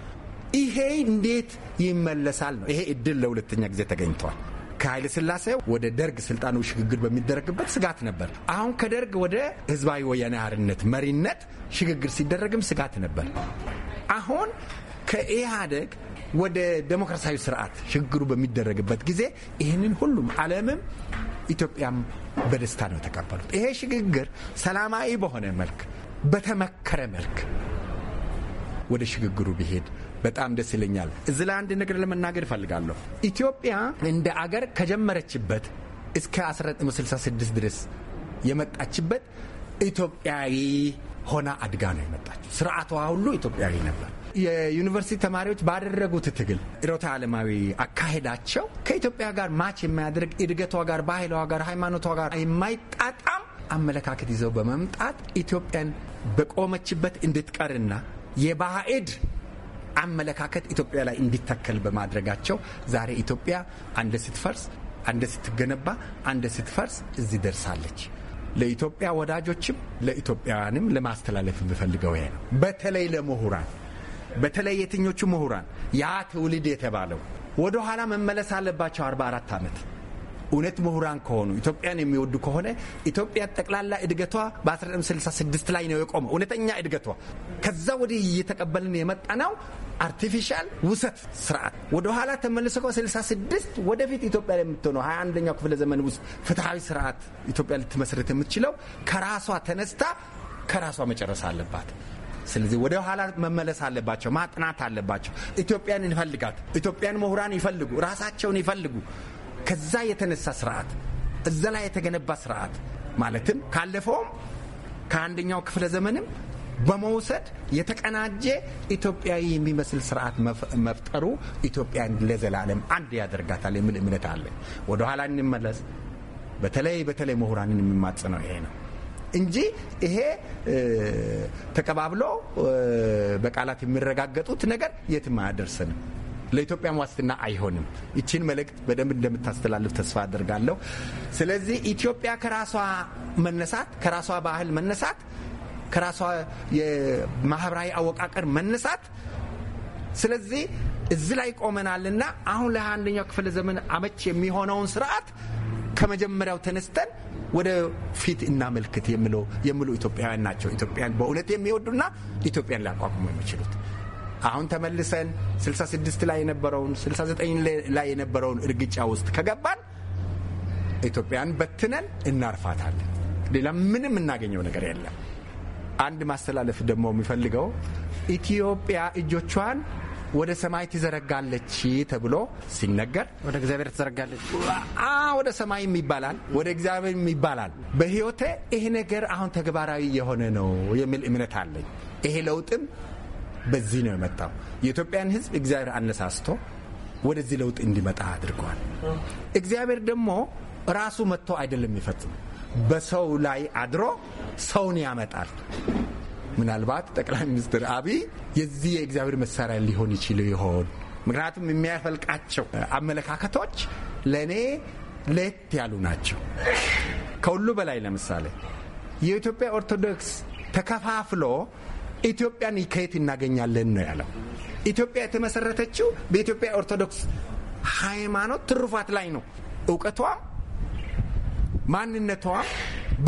ይሄ እንዴት ይመለሳል ነው። ይሄ እድል ለሁለተኛ ጊዜ ተገኝተዋል። ከኃይለ ስላሴ ወደ ደርግ ስልጣኑ ሽግግር በሚደረግበት ስጋት ነበር። አሁን ከደርግ ወደ ህዝባዊ ወያነ ሓርነት መሪነት ሽግግር ሲደረግም ስጋት ነበር። አሁን ከኢህአደግ ወደ ዴሞክራሲያዊ ስርዓት ሽግግሩ በሚደረግበት ጊዜ ይህንን ሁሉም ዓለምም ኢትዮጵያም በደስታ ነው የተቀበሉት። ይሄ ሽግግር ሰላማዊ በሆነ መልክ በተመከረ መልክ ወደ ሽግግሩ ቢሄድ በጣም ደስ ይለኛል። እዚህ ላይ አንድ ነገር ለመናገር እፈልጋለሁ። ኢትዮጵያ እንደ አገር ከጀመረችበት እስከ 1966 ድረስ የመጣችበት ኢትዮጵያዊ ሆና አድጋ ነው የመጣችው። ስርዓቷ ሁሉ ኢትዮጵያዊ ነበር። የዩኒቨርሲቲ ተማሪዎች ባደረጉት ትግል ሮታ ዓለማዊ አካሄዳቸው ከኢትዮጵያ ጋር ማች የማያደርግ እድገቷ ጋር፣ ባህሏ ጋር፣ ሃይማኖቷ ጋር የማይጣጣም አመለካከት ይዘው በመምጣት ኢትዮጵያን በቆመችበት እንድትቀርና የባዕድ አመለካከት ኢትዮጵያ ላይ እንዲተከል በማድረጋቸው ዛሬ ኢትዮጵያ አንደ ስትፈርስ አንደ ስትገነባ አንደ ስትፈርስ እዚህ ደርሳለች። ለኢትዮጵያ ወዳጆችም ለኢትዮጵያውያንም ለማስተላለፍ የምፈልገው ይሄ ነው። በተለይ ለምሁራን በተለይ የትኞቹ ምሁራን ያ ትውልድ የተባለው ወደ ኋላ መመለስ አለባቸው። 44 ዓመት እውነት ምሁራን ከሆኑ ኢትዮጵያን የሚወዱ ከሆነ ኢትዮጵያ ጠቅላላ እድገቷ በ1966 ላይ ነው የቆመው። እውነተኛ እድገቷ ከዛ ወዲህ እየተቀበልን የመጣነው አርቲፊሻል ውሰት ስርዓት ወደ ኋላ ተመልሶ ከ66 ወደፊት ኢትዮጵያ የምትሆነው 21ኛው ክፍለ ዘመን ውስጥ ፍትሐዊ ስርዓት ኢትዮጵያ ልትመስረት የምትችለው ከራሷ ተነስታ ከራሷ መጨረስ አለባት። ስለዚህ ወደ ኋላ መመለስ አለባቸው፣ ማጥናት አለባቸው። ኢትዮጵያን እንፈልጋት፣ ኢትዮጵያን ምሁራን ይፈልጉ፣ ራሳቸውን ይፈልጉ። ከዛ የተነሳ ስርዓት እዛ ላይ የተገነባ ስርዓት ማለትም ካለፈውም ከአንደኛው ክፍለ ዘመንም በመውሰድ የተቀናጀ ኢትዮጵያዊ የሚመስል ስርዓት መፍጠሩ ኢትዮጵያን ለዘላለም አንድ ያደርጋታል የሚል እምነት አለ። ወደኋላ እንመለስ። በተለይ በተለይ ምሁራንን ነው ይሄ ነው። እንጂ ይሄ ተቀባብሎ በቃላት የሚረጋገጡት ነገር የትም አያደርሰንም። ለኢትዮጵያም ዋስትና አይሆንም። ይችን መልእክት በደንብ እንደምታስተላልፍ ተስፋ አድርጋለሁ። ስለዚህ ኢትዮጵያ ከራሷ መነሳት፣ ከራሷ ባህል መነሳት፣ ከራሷ የማህበራዊ አወቃቀር መነሳት ስለዚህ እዚህ ላይ ቆመናልና አሁን ለአንደኛው ክፍለ ዘመን አመች የሚሆነውን ስርዓት ከመጀመሪያው ተነስተን ወደ ፊት እናመልክት የሚሉ ኢትዮጵያውያን ናቸው። ኢትዮጵያን በእውነት የሚወዱና ኢትዮጵያን ሊያቋቁሙ የሚችሉት አሁን ተመልሰን 66 ላይ የነበረውን 69 ላይ የነበረውን እርግጫ ውስጥ ከገባን ኢትዮጵያን በትነን እናርፋታለን። ሌላ ምንም እናገኘው ነገር የለም። አንድ ማስተላለፍ ደግሞ የሚፈልገው ኢትዮጵያ እጆቿን ወደ ሰማይ ትዘረጋለች ተብሎ ሲነገር ወደ እግዚአብሔር ትዘረጋለች፣ ወደ ሰማይም ይባላል፣ ወደ እግዚአብሔር ይባላል። በህይወቴ ይሄ ነገር አሁን ተግባራዊ የሆነ ነው የሚል እምነት አለኝ። ይሄ ለውጥም በዚህ ነው የመጣው። የኢትዮጵያን ህዝብ እግዚአብሔር አነሳስቶ ወደዚህ ለውጥ እንዲመጣ አድርገዋል። እግዚአብሔር ደግሞ ራሱ መጥቶ አይደለም የሚፈጽም፣ በሰው ላይ አድሮ ሰውን ያመጣል። ምናልባት ጠቅላይ ሚኒስትር አብይ የዚህ የእግዚአብሔር መሳሪያ ሊሆን ይችል ይሆን? ምክንያቱም የሚያፈልቃቸው አመለካከቶች ለእኔ ለየት ያሉ ናቸው። ከሁሉ በላይ ለምሳሌ የኢትዮጵያ ኦርቶዶክስ ተከፋፍሎ ኢትዮጵያን ከየት እናገኛለን ነው ያለው። ኢትዮጵያ የተመሰረተችው በኢትዮጵያ ኦርቶዶክስ ሃይማኖት ትሩፋት ላይ ነው። እውቀቷም፣ ማንነቷም፣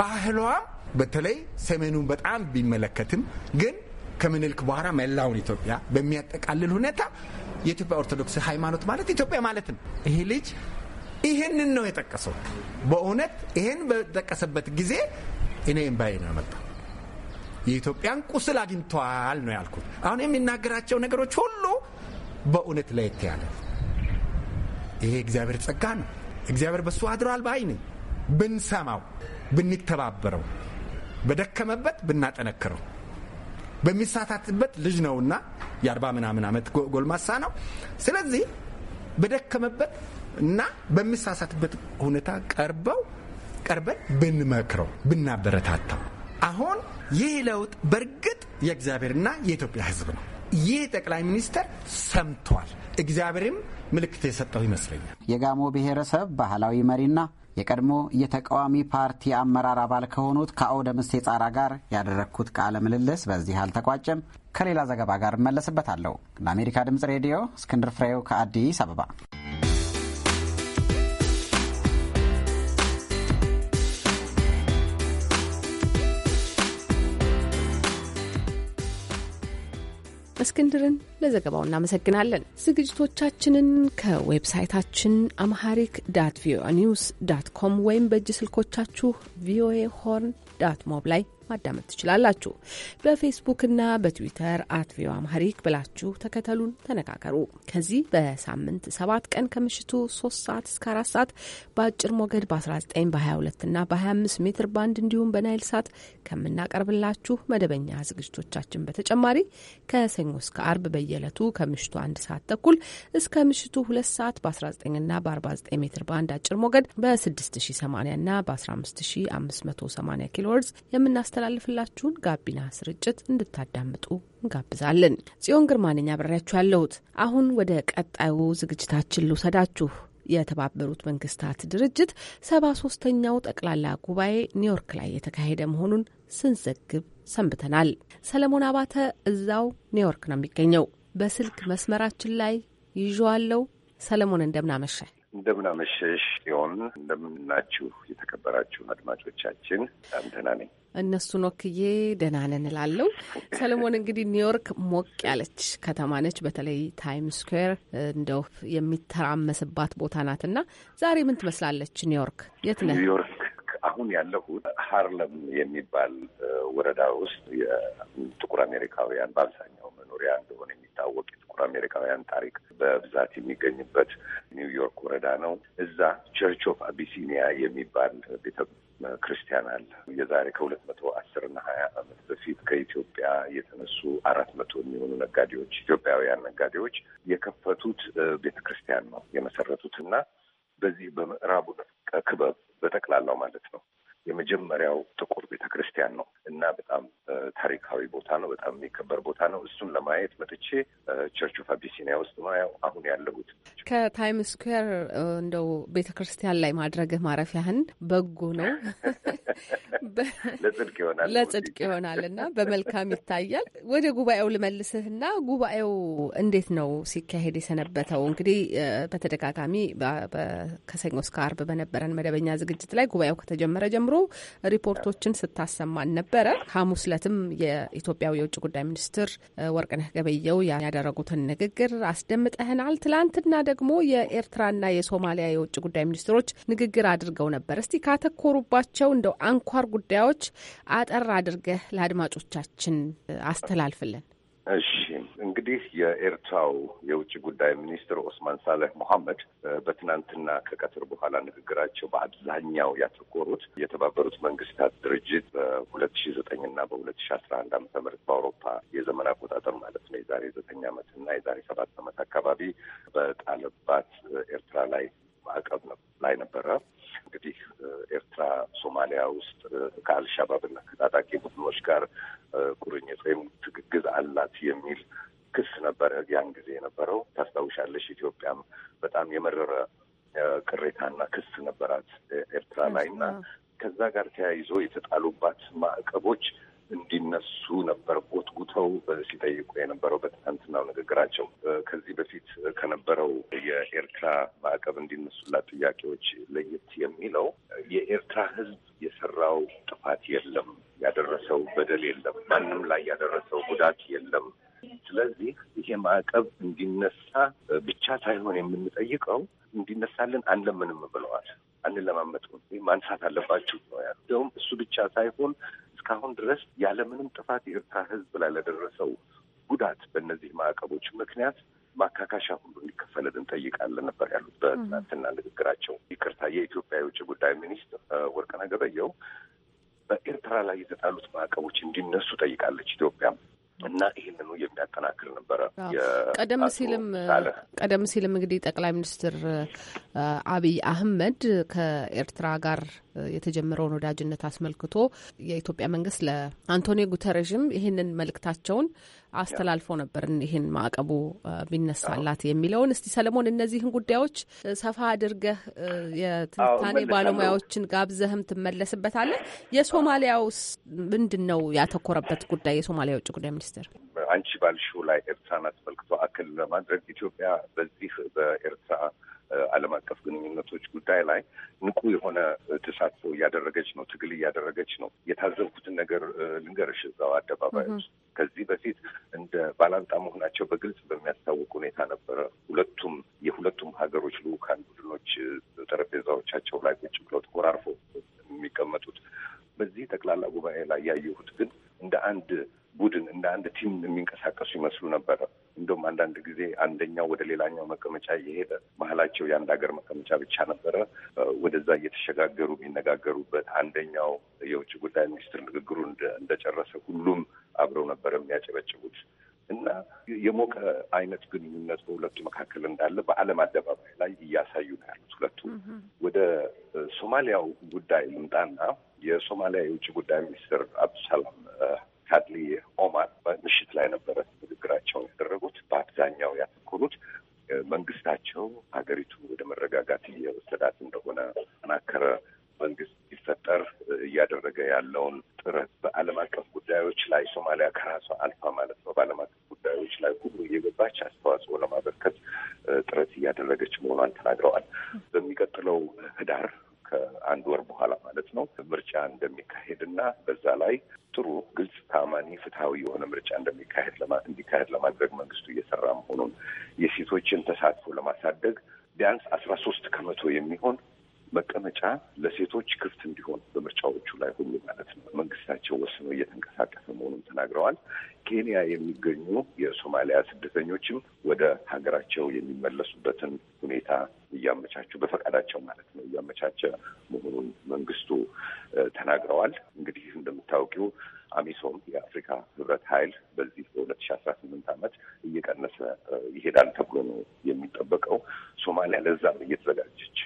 ባህሏም በተለይ ሰሜኑን በጣም ቢመለከትም ግን ከምኒልክ በኋላ መላውን ኢትዮጵያ በሚያጠቃልል ሁኔታ የኢትዮጵያ ኦርቶዶክስ ሃይማኖት ማለት ኢትዮጵያ ማለት ነው። ይሄ ልጅ ይህንን ነው የጠቀሰው። በእውነት ይህን በጠቀሰበት ጊዜ እኔ እምባዬ ነው ያመጣ። የኢትዮጵያን ቁስል አግኝተዋል ነው ያልኩት። አሁን የሚናገራቸው ነገሮች ሁሉ በእውነት ለየት ያለ ይሄ እግዚአብሔር ጸጋ ነው። እግዚአብሔር በሱ አድሯል ባይ ነኝ። ብንሰማው፣ ብንተባበረው በደከመበት ብናጠነክረው በሚሳታትበት ልጅ ነውና የአርባ ምናምን ዓመት ጎልማሳ ነው። ስለዚህ በደከመበት እና በሚሳሳትበት ሁኔታ ቀርበው ቀርበን ብንመክረው ብናበረታታው አሁን ይህ ለውጥ በእርግጥ የእግዚአብሔርና የኢትዮጵያ ሕዝብ ነው። ይህ ጠቅላይ ሚኒስትር ሰምቷል። እግዚአብሔርም ምልክት የሰጠው ይመስለኛል። የጋሞ ብሔረሰብ ባህላዊ መሪና የቀድሞ የተቃዋሚ ፓርቲ አመራር አባል ከሆኑት ከአውደ ምስቴ ጻራ ጋር ያደረግኩት ቃለ ምልልስ በዚህ አልተቋጨም። ከሌላ ዘገባ ጋር እመለስበታለሁ። ለአሜሪካ ድምፅ ሬዲዮ እስክንድር ፍሬው ከአዲስ አበባ እስክንድርን ለዘገባው እናመሰግናለን። ዝግጅቶቻችንን ከዌብሳይታችን አምሃሪክ ዳት ቪኦኤ ኒውስ ዳት ኮም ወይም በእጅ ስልኮቻችሁ ቪኦኤ ሆርን ዳት ሞብ ላይ ማዳመጥ ትችላላችሁ። በፌስቡክና በትዊተር አት ቪኦኤ አማሪክ ብላችሁ ተከተሉን፣ ተነጋገሩ። ከዚህ በሳምንት ሰባት ቀን ከምሽቱ ሶስት ሰዓት እስከ አራት ሰዓት በአጭር ሞገድ በ19 በ22ና በ25 ሜትር ባንድ እንዲሁም በናይል ሳት ከምናቀርብላችሁ መደበኛ ዝግጅቶቻችን በተጨማሪ ከሰኞ እስከ አርብ በየዕለቱ ከምሽቱ አንድ ሰዓት ተኩል እስከ ምሽቱ ሁለት ሰዓት በ19ና በ49 ሜትር ባንድ አጭር ሞገድ በ6080 እና በ15580 ኪሎ ወርዝ የምናስተ የምናስተላልፍላችሁን ጋቢና ስርጭት እንድታዳምጡ እንጋብዛለን። ጽዮን ግርማንኝ አብሬያችሁ ያለሁት። አሁን ወደ ቀጣዩ ዝግጅታችን ልውሰዳችሁ። የተባበሩት መንግስታት ድርጅት ሰባ ሶስተኛው ጠቅላላ ጉባኤ ኒውዮርክ ላይ የተካሄደ መሆኑን ስንዘግብ ሰንብተናል። ሰለሞን አባተ እዛው ኒውዮርክ ነው የሚገኘው። በስልክ መስመራችን ላይ ይዤዋለሁ። ሰለሞን እንደምናመሻል እንደምናመሸሽ ሲሆን እንደምናችሁ የተከበራችሁ አድማጮቻችን በጣም ደህና ነኝ። እነሱን ወክዬ ደህና ነን እላለሁ። ሰለሞን እንግዲህ ኒውዮርክ ሞቅ ያለች ከተማ ነች። በተለይ ታይም ስኩዌር እንደው የሚተራመስባት ቦታ ናት ዛሬ ምን ትመስላለች ኒውዮርክ? የት ነህ? ኒውዮርክ አሁን ያለሁት ሀርለም የሚባል ወረዳ ውስጥ የጥቁር አሜሪካውያን በአብዛኛው መኖሪያ እንደሆነ የሚታወቅ የጥቁር አሜሪካውያን ታሪክ በብዛት የሚገኝበት ኒውዮርክ ወረዳ ነው። እዛ ቸርች ኦፍ አቢሲኒያ የሚባል ቤተ ክርስቲያን አለ። የዛሬ ከሁለት መቶ አስር እና ሀያ አመት በፊት ከኢትዮጵያ የተነሱ አራት መቶ የሚሆኑ ነጋዴዎች ኢትዮጵያውያን ነጋዴዎች የከፈቱት ቤተ ክርስቲያን ነው የመሰረቱት እና በዚህ በምዕራቡ ክበብ በጠቅላላው ማለት ነው። የመጀመሪያው ጥቁር ቤተ ክርስቲያን ነው እና በጣም ታሪካዊ ቦታ ነው። በጣም የሚከበር ቦታ ነው። እሱን ለማየት መጥቼ ቸርች ኦፍ አቢሲኒያ ውስጥ ነው ያው አሁን ያለሁት። ከታይም ስኩዌር እንደው ቤተ ክርስቲያን ላይ ማድረግህ ማረፊያህን በጎ ነው፣ ለጽድቅ ይሆናል ለጽድቅ ይሆናል እና በመልካም ይታያል። ወደ ጉባኤው ልመልስህ እና ጉባኤው እንዴት ነው ሲካሄድ የሰነበተው? እንግዲህ በተደጋጋሚ ከሰኞ እስከ አርብ በነበረን መደበኛ ዝግጅት ላይ ጉባኤው ከተጀመረ ጀምሮ ሪፖርቶችን ስታሰማን ነበረ። ሐሙስ ዕለትም የኢትዮጵያው የውጭ ጉዳይ ሚኒስትር ወርቅነህ ገበየው ያደረጉትን ንግግር አስደምጠህናል። ትላንትና ደግሞ የኤርትራና የሶማሊያ የውጭ ጉዳይ ሚኒስትሮች ንግግር አድርገው ነበር። እስቲ ካተኮሩባቸው እንደው አንኳር ጉዳዮች አጠር አድርገህ ለአድማጮቻችን አስተላልፍልን። እሺ እንግዲህ የኤርትራው የውጭ ጉዳይ ሚኒስትር ኦስማን ሳለህ ሞሐመድ በትናንትና ከቀትር በኋላ ንግግራቸው በአብዛኛው ያተኮሩት የተባበሩት መንግስታት ድርጅት በሁለት ሺ ዘጠኝ እና በሁለት ሺ አስራ አንድ አመተ ምህረት በአውሮፓ የዘመን አቆጣጠር ማለት ነው የዛሬ ዘጠኝ አመት እና የዛሬ ሰባት አመት አካባቢ በጣለባት ኤርትራ ላይ ማዕቀብ ላይ ነበረ። እንግዲህ ኤርትራ ሶማሊያ ውስጥ ከአልሻባብና ከታጣቂ ቡድኖች ጋር ቁርኝት ወይም ትግግዝ አላት የሚል ክስ ነበረ ያን ጊዜ የነበረው። ታስታውሻለሽ? ኢትዮጵያም በጣም የመረረ ቅሬታና ክስ ነበራት ኤርትራ ላይ እና ከዛ ጋር ተያይዞ የተጣሉባት ማዕቀቦች እንዲነሱ ነበር ጎትጉተው ሲጠይቁ የነበረው በትናንትናው ንግግራቸው። ከዚህ በፊት ከነበረው የኤርትራ ማዕቀብ እንዲነሱላት ጥያቄዎች ለየት የሚለው የኤርትራ ሕዝብ የሰራው ጥፋት የለም፣ ያደረሰው በደል የለም፣ ማንም ላይ ያደረሰው ጉዳት የለም። ስለዚህ ይሄ ማዕቀብ እንዲነሳ ብቻ ሳይሆን የምንጠይቀው እንዲነሳልን አንለምንም ብለዋል። አንለማመጥም፣ ማንሳት አለባችሁ ነው ያሉ። እንዲሁም እሱ ብቻ ሳይሆን እስካሁን ድረስ ያለምንም ጥፋት የኤርትራ ህዝብ ላይ ለደረሰው ጉዳት በእነዚህ ማዕቀቦች ምክንያት ማካካሻ ሁሉ እንዲከፈለን እንጠይቃለን ነበር ያሉት በትናንትና ንግግራቸው። ይቅርታ የኢትዮጵያ የውጭ ጉዳይ ሚኒስትር ወርቅነህ ገበየሁ በኤርትራ ላይ የተጣሉት ማዕቀቦች እንዲነሱ ጠይቃለች ኢትዮጵያ። እና ይህንኑ የሚያጠናክር ነበረ። ቀደም ሲልም ቀደም ሲልም እንግዲህ ጠቅላይ ሚኒስትር አብይ አህመድ ከኤርትራ ጋር የተጀመረውን ወዳጅነት አስመልክቶ የኢትዮጵያ መንግስት ለአንቶኒ ጉተረዥም ይህንን መልእክታቸውን አስተላልፎ ነበር ይህን ማዕቀቡ ቢነሳላት የሚለውን። እስቲ ሰለሞን እነዚህን ጉዳዮች ሰፋ አድርገህ የትንታኔ ባለሙያዎችን ጋብዘህም ትመለስበታለህ። የሶማሊያውስ ምንድን ነው ያተኮረበት ጉዳይ? የሶማሊያ የውጭ ጉዳይ ሚኒስትር አንቺ ባልሽው ላይ ኤርትራን አስመልክቶ አክል ለማድረግ ኢትዮጵያ በዚህ በኤርትራ ዓለም አቀፍ ግንኙነቶች ጉዳይ ላይ ንቁ የሆነ ተሳትፎ እያደረገች ነው፣ ትግል እያደረገች ነው። የታዘብኩትን ነገር ልንገርሽ። እዛው አደባባይ ከዚህ በፊት እንደ ባላንጣ መሆናቸው በግልጽ በሚያስታውቅ ሁኔታ ነበረ። ሁለቱም የሁለቱም ሀገሮች ልዑካን ቡድኖች ጠረጴዛዎቻቸው ላይ ቁጭ ብለው ተኮራርፎ የሚቀመጡት በዚህ ጠቅላላ ጉባኤ ላይ ያየሁት ግን እንደ አንድ አንድ ቲም የሚንቀሳቀሱ ይመስሉ ነበረ። እንደውም አንዳንድ ጊዜ አንደኛው ወደ ሌላኛው መቀመጫ እየሄደ መሀላቸው የአንድ ሀገር መቀመጫ ብቻ ነበረ። ወደዛ እየተሸጋገሩ የሚነጋገሩበት አንደኛው የውጭ ጉዳይ ሚኒስትር ንግግሩ እንደጨረሰ ሁሉም አብረው ነበር የሚያጨበጭቡት እና የሞቀ አይነት ግንኙነት በሁለቱ መካከል እንዳለ በዓለም አደባባይ ላይ እያሳዩ ነው ያሉት ሁለቱ። ወደ ሶማሊያው ጉዳይ ልምጣና የሶማሊያ የውጭ ጉዳይ ሚኒስትር አብዱሰላም ካድሊ ኦማር ምሽት ላይ ነበረ ንግግራቸውን ያደረጉት። በአብዛኛው ያተኮሩት መንግስታቸው ሀገሪቱ ወደ መረጋጋት እየወሰዳት እንደሆነ ተናከረ መንግስት ሲፈጠር እያደረገ ያለውን ጥረት በዓለም አቀፍ ጉዳዮች ላይ ሶማሊያ ከራሷ አልፋ ማለት ነው በዓለም አቀፍ ጉዳዮች ላይ ሁሉ እየገባች አስተዋጽኦ ለማበርከት ጥረት እያደረገች መሆኗን ተናግረዋል። በሚቀጥለው ህዳር ከአንድ ወር በኋላ ማለት ነው ምርጫ እንደሚካሄድ እና በዛ ላይ ጥሩ ግልጽ ታማኒ ፍትሐዊ የሆነ ምርጫ እንደሚካሄድ እንዲካሄድ ለማድረግ መንግስቱ እየሰራ መሆኑን የሴቶችን ተሳትፎ ለማሳደግ ቢያንስ አስራ ሶስት ከመቶ የሚሆን መቀመጫ ለሴቶች ክፍት እንዲሆን በምርጫዎቹ ላይ ሁሉ ማለት ነው መንግስታቸው ወስኖ እየተንቀሳቀሰ መሆኑን ተናግረዋል። ኬንያ የሚገኙ የሶማሊያ ስደተኞችም ወደ ሀገራቸው የሚመለሱበትን ሁኔታ እያመቻቹ በፈቃዳቸው ማለት ነው እያመቻቸ መሆኑን መንግስቱ ተናግረዋል። እንግዲህ እንደምታውቂው አሚሶም የአፍሪካ ህብረት ኃይል በዚህ በሁለት ሺ አስራ ስምንት አመት እየቀነሰ ይሄዳል ተብሎ ነው የሚጠበቀው። ሶማሊያ ለዛም እየተዘጋጀች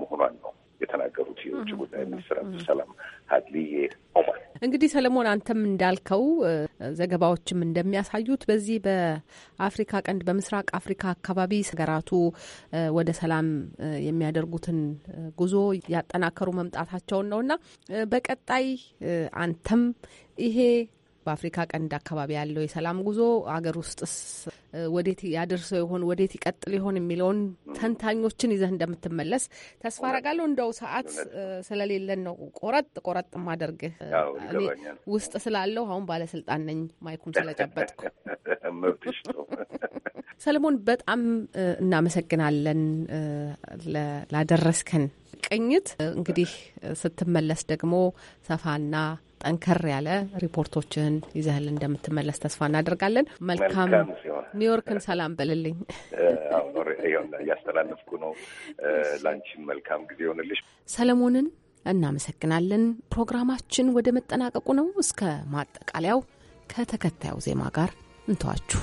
መሆኗን ነው የተናገሩት የውጭ ጉዳይ ሚኒስትር ሰላም ሀድልዬ ኦማር። እንግዲህ ሰለሞን፣ አንተም እንዳልከው ዘገባዎችም እንደሚያሳዩት በዚህ በአፍሪካ ቀንድ በምስራቅ አፍሪካ አካባቢ ሀገራቱ ወደ ሰላም የሚያደርጉትን ጉዞ ያጠናከሩ መምጣታቸውን ነው እና በቀጣይ አንተም ይሄ በአፍሪካ ቀንድ አካባቢ ያለው የሰላም ጉዞ አገር ውስጥስ ወዴት ያደርሰው ይሆን ወዴት ይቀጥል ይሆን የሚለውን ተንታኞችን ይዘህ እንደምትመለስ ተስፋ አረጋለሁ። እንደው ሰዓት ስለሌለን ነው ቆረጥ ቆረጥ ማደርግህ። ውስጥ ስላለሁ አሁን ባለስልጣን ነኝ ማይኩም ስለጨበጥኩ ሰለሞን በጣም እናመሰግናለን ላደረስከን ቅኝት። እንግዲህ ስትመለስ ደግሞ ሰፋና ጠንከር ያለ ሪፖርቶችን ይዘህል እንደምትመለስ ተስፋ እናደርጋለን። መልካም ኒውዮርክን ሰላም በልልኝ። እያስተላለፍኩ ነው። ላንቺን መልካም ጊዜ ይሆንልሽ። ሰለሞንን እናመሰግናለን። ፕሮግራማችን ወደ መጠናቀቁ ነው። እስከ ማጠቃለያው ከተከታዩ ዜማ ጋር እንተዋችሁ።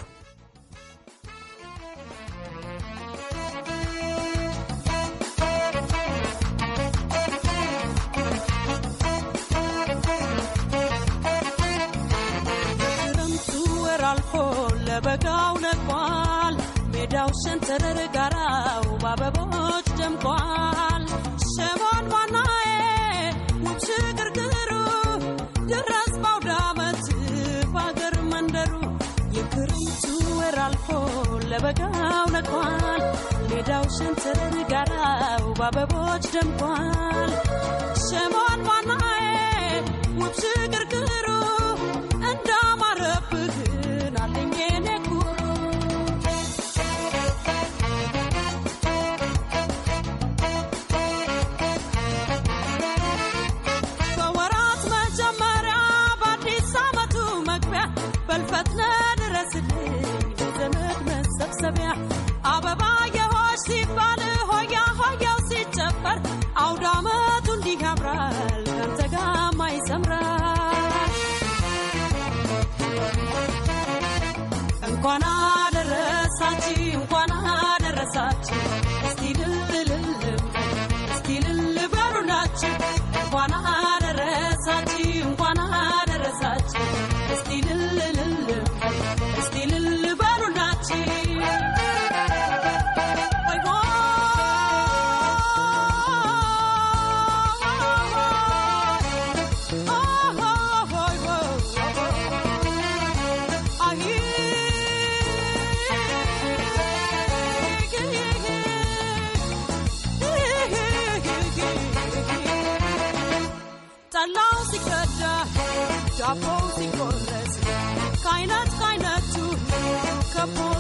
ሜዳው ሸንተረር ጋራው በአበቦች ደምቋል። ሸሞን ዋናዬ ውብ ሽግርግሩ ድረስ ባውዳመት በአገር መንደሩ የክረምቱ ወር አልፎ ለበጋው ነቋል። ሜዳው ሸንተረር ጋራው በአበቦች ደምቋል። ሸዋን ዋናዬ ውብ ሽግርግሩ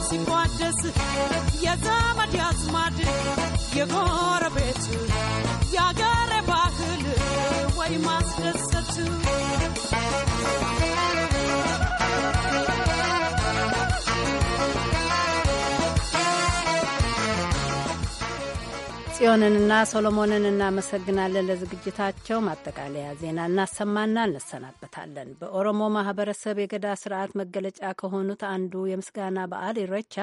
ሲቋደስ የዘመድ ያዝማድ የጎረቤት የአገሬ ባህል ወይ ማስደሰት ጽዮንንና ሶሎሞንን እናመሰግናለን ለዝግጅታቸው። ማጠቃለያ ዜና እናሰማና እንሰናበታለን። በኦሮሞ ማህበረሰብ የገዳ ስርዓት መገለጫ ከሆኑት አንዱ የምስጋና በዓል ኢሬቻ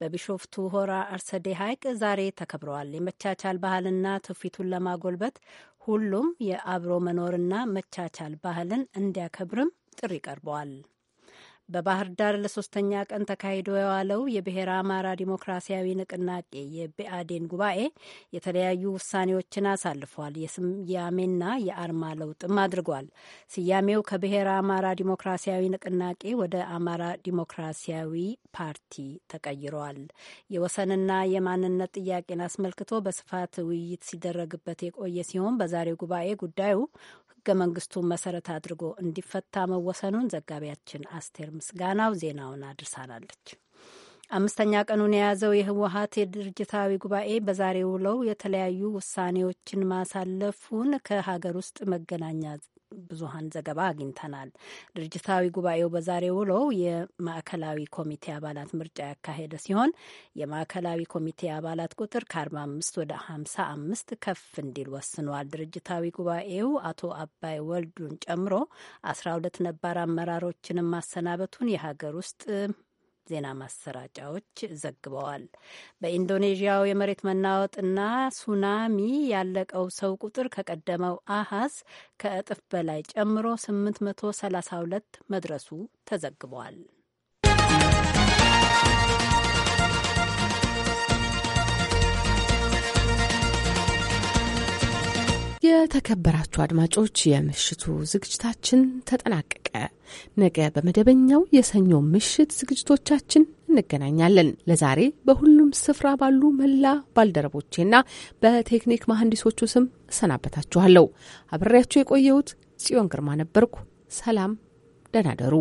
በቢሾፍቱ ሆራ አርሰዴ ሐይቅ ዛሬ ተከብረዋል። የመቻቻል ባህልና ትውፊቱን ለማጎልበት ሁሉም የአብሮ መኖርና መቻቻል ባህልን እንዲያከብርም ጥሪ ቀርበዋል። በባህር ዳር ለሶስተኛ ቀን ተካሂዶ የዋለው የብሔረ አማራ ዲሞክራሲያዊ ንቅናቄ የብአዴን ጉባኤ የተለያዩ ውሳኔዎችን አሳልፏል። የስያሜና የአርማ ለውጥም አድርጓል። ስያሜው ከብሔረ አማራ ዲሞክራሲያዊ ንቅናቄ ወደ አማራ ዲሞክራሲያዊ ፓርቲ ተቀይሯል። የወሰንና የማንነት ጥያቄን አስመልክቶ በስፋት ውይይት ሲደረግበት የቆየ ሲሆን በዛሬው ጉባኤ ጉዳዩ ህገ መንግስቱን መሰረት አድርጎ እንዲፈታ መወሰኑን ዘጋቢያችን አስቴር ምስጋናው ዜናውን አድርሳናለች። አምስተኛ ቀኑን የያዘው የህወሀት የድርጅታዊ ጉባኤ በዛሬው ውለው የተለያዩ ውሳኔዎችን ማሳለፉን ከሀገር ውስጥ መገናኛ ብዙሀን ዘገባ አግኝተናል። ድርጅታዊ ጉባኤው በዛሬ ውሎው የማዕከላዊ ኮሚቴ አባላት ምርጫ ያካሄደ ሲሆን የማዕከላዊ ኮሚቴ አባላት ቁጥር ከ45 ወደ 55 ከፍ እንዲል ወስኗል። ድርጅታዊ ጉባኤው አቶ አባይ ወልዱን ጨምሮ 12 ነባር አመራሮችንም ማሰናበቱን የሀገር ውስጥ ዜና ማሰራጫዎች ዘግበዋል። በኢንዶኔዥያው የመሬት መናወጥና ሱናሚ ያለቀው ሰው ቁጥር ከቀደመው አሃዝ ከእጥፍ በላይ ጨምሮ 832 መድረሱ ተዘግቧል። የተከበራችሁ አድማጮች የምሽቱ ዝግጅታችን ተጠናቀቀ። ነገ በመደበኛው የሰኞ ምሽት ዝግጅቶቻችን እንገናኛለን። ለዛሬ በሁሉም ስፍራ ባሉ መላ ባልደረቦቼና በቴክኒክ መሐንዲሶቹ ስም እሰናበታችኋለሁ። አብሬያችሁ የቆየሁት ጽዮን ግርማ ነበርኩ። ሰላም፣ ደህና ደሩ።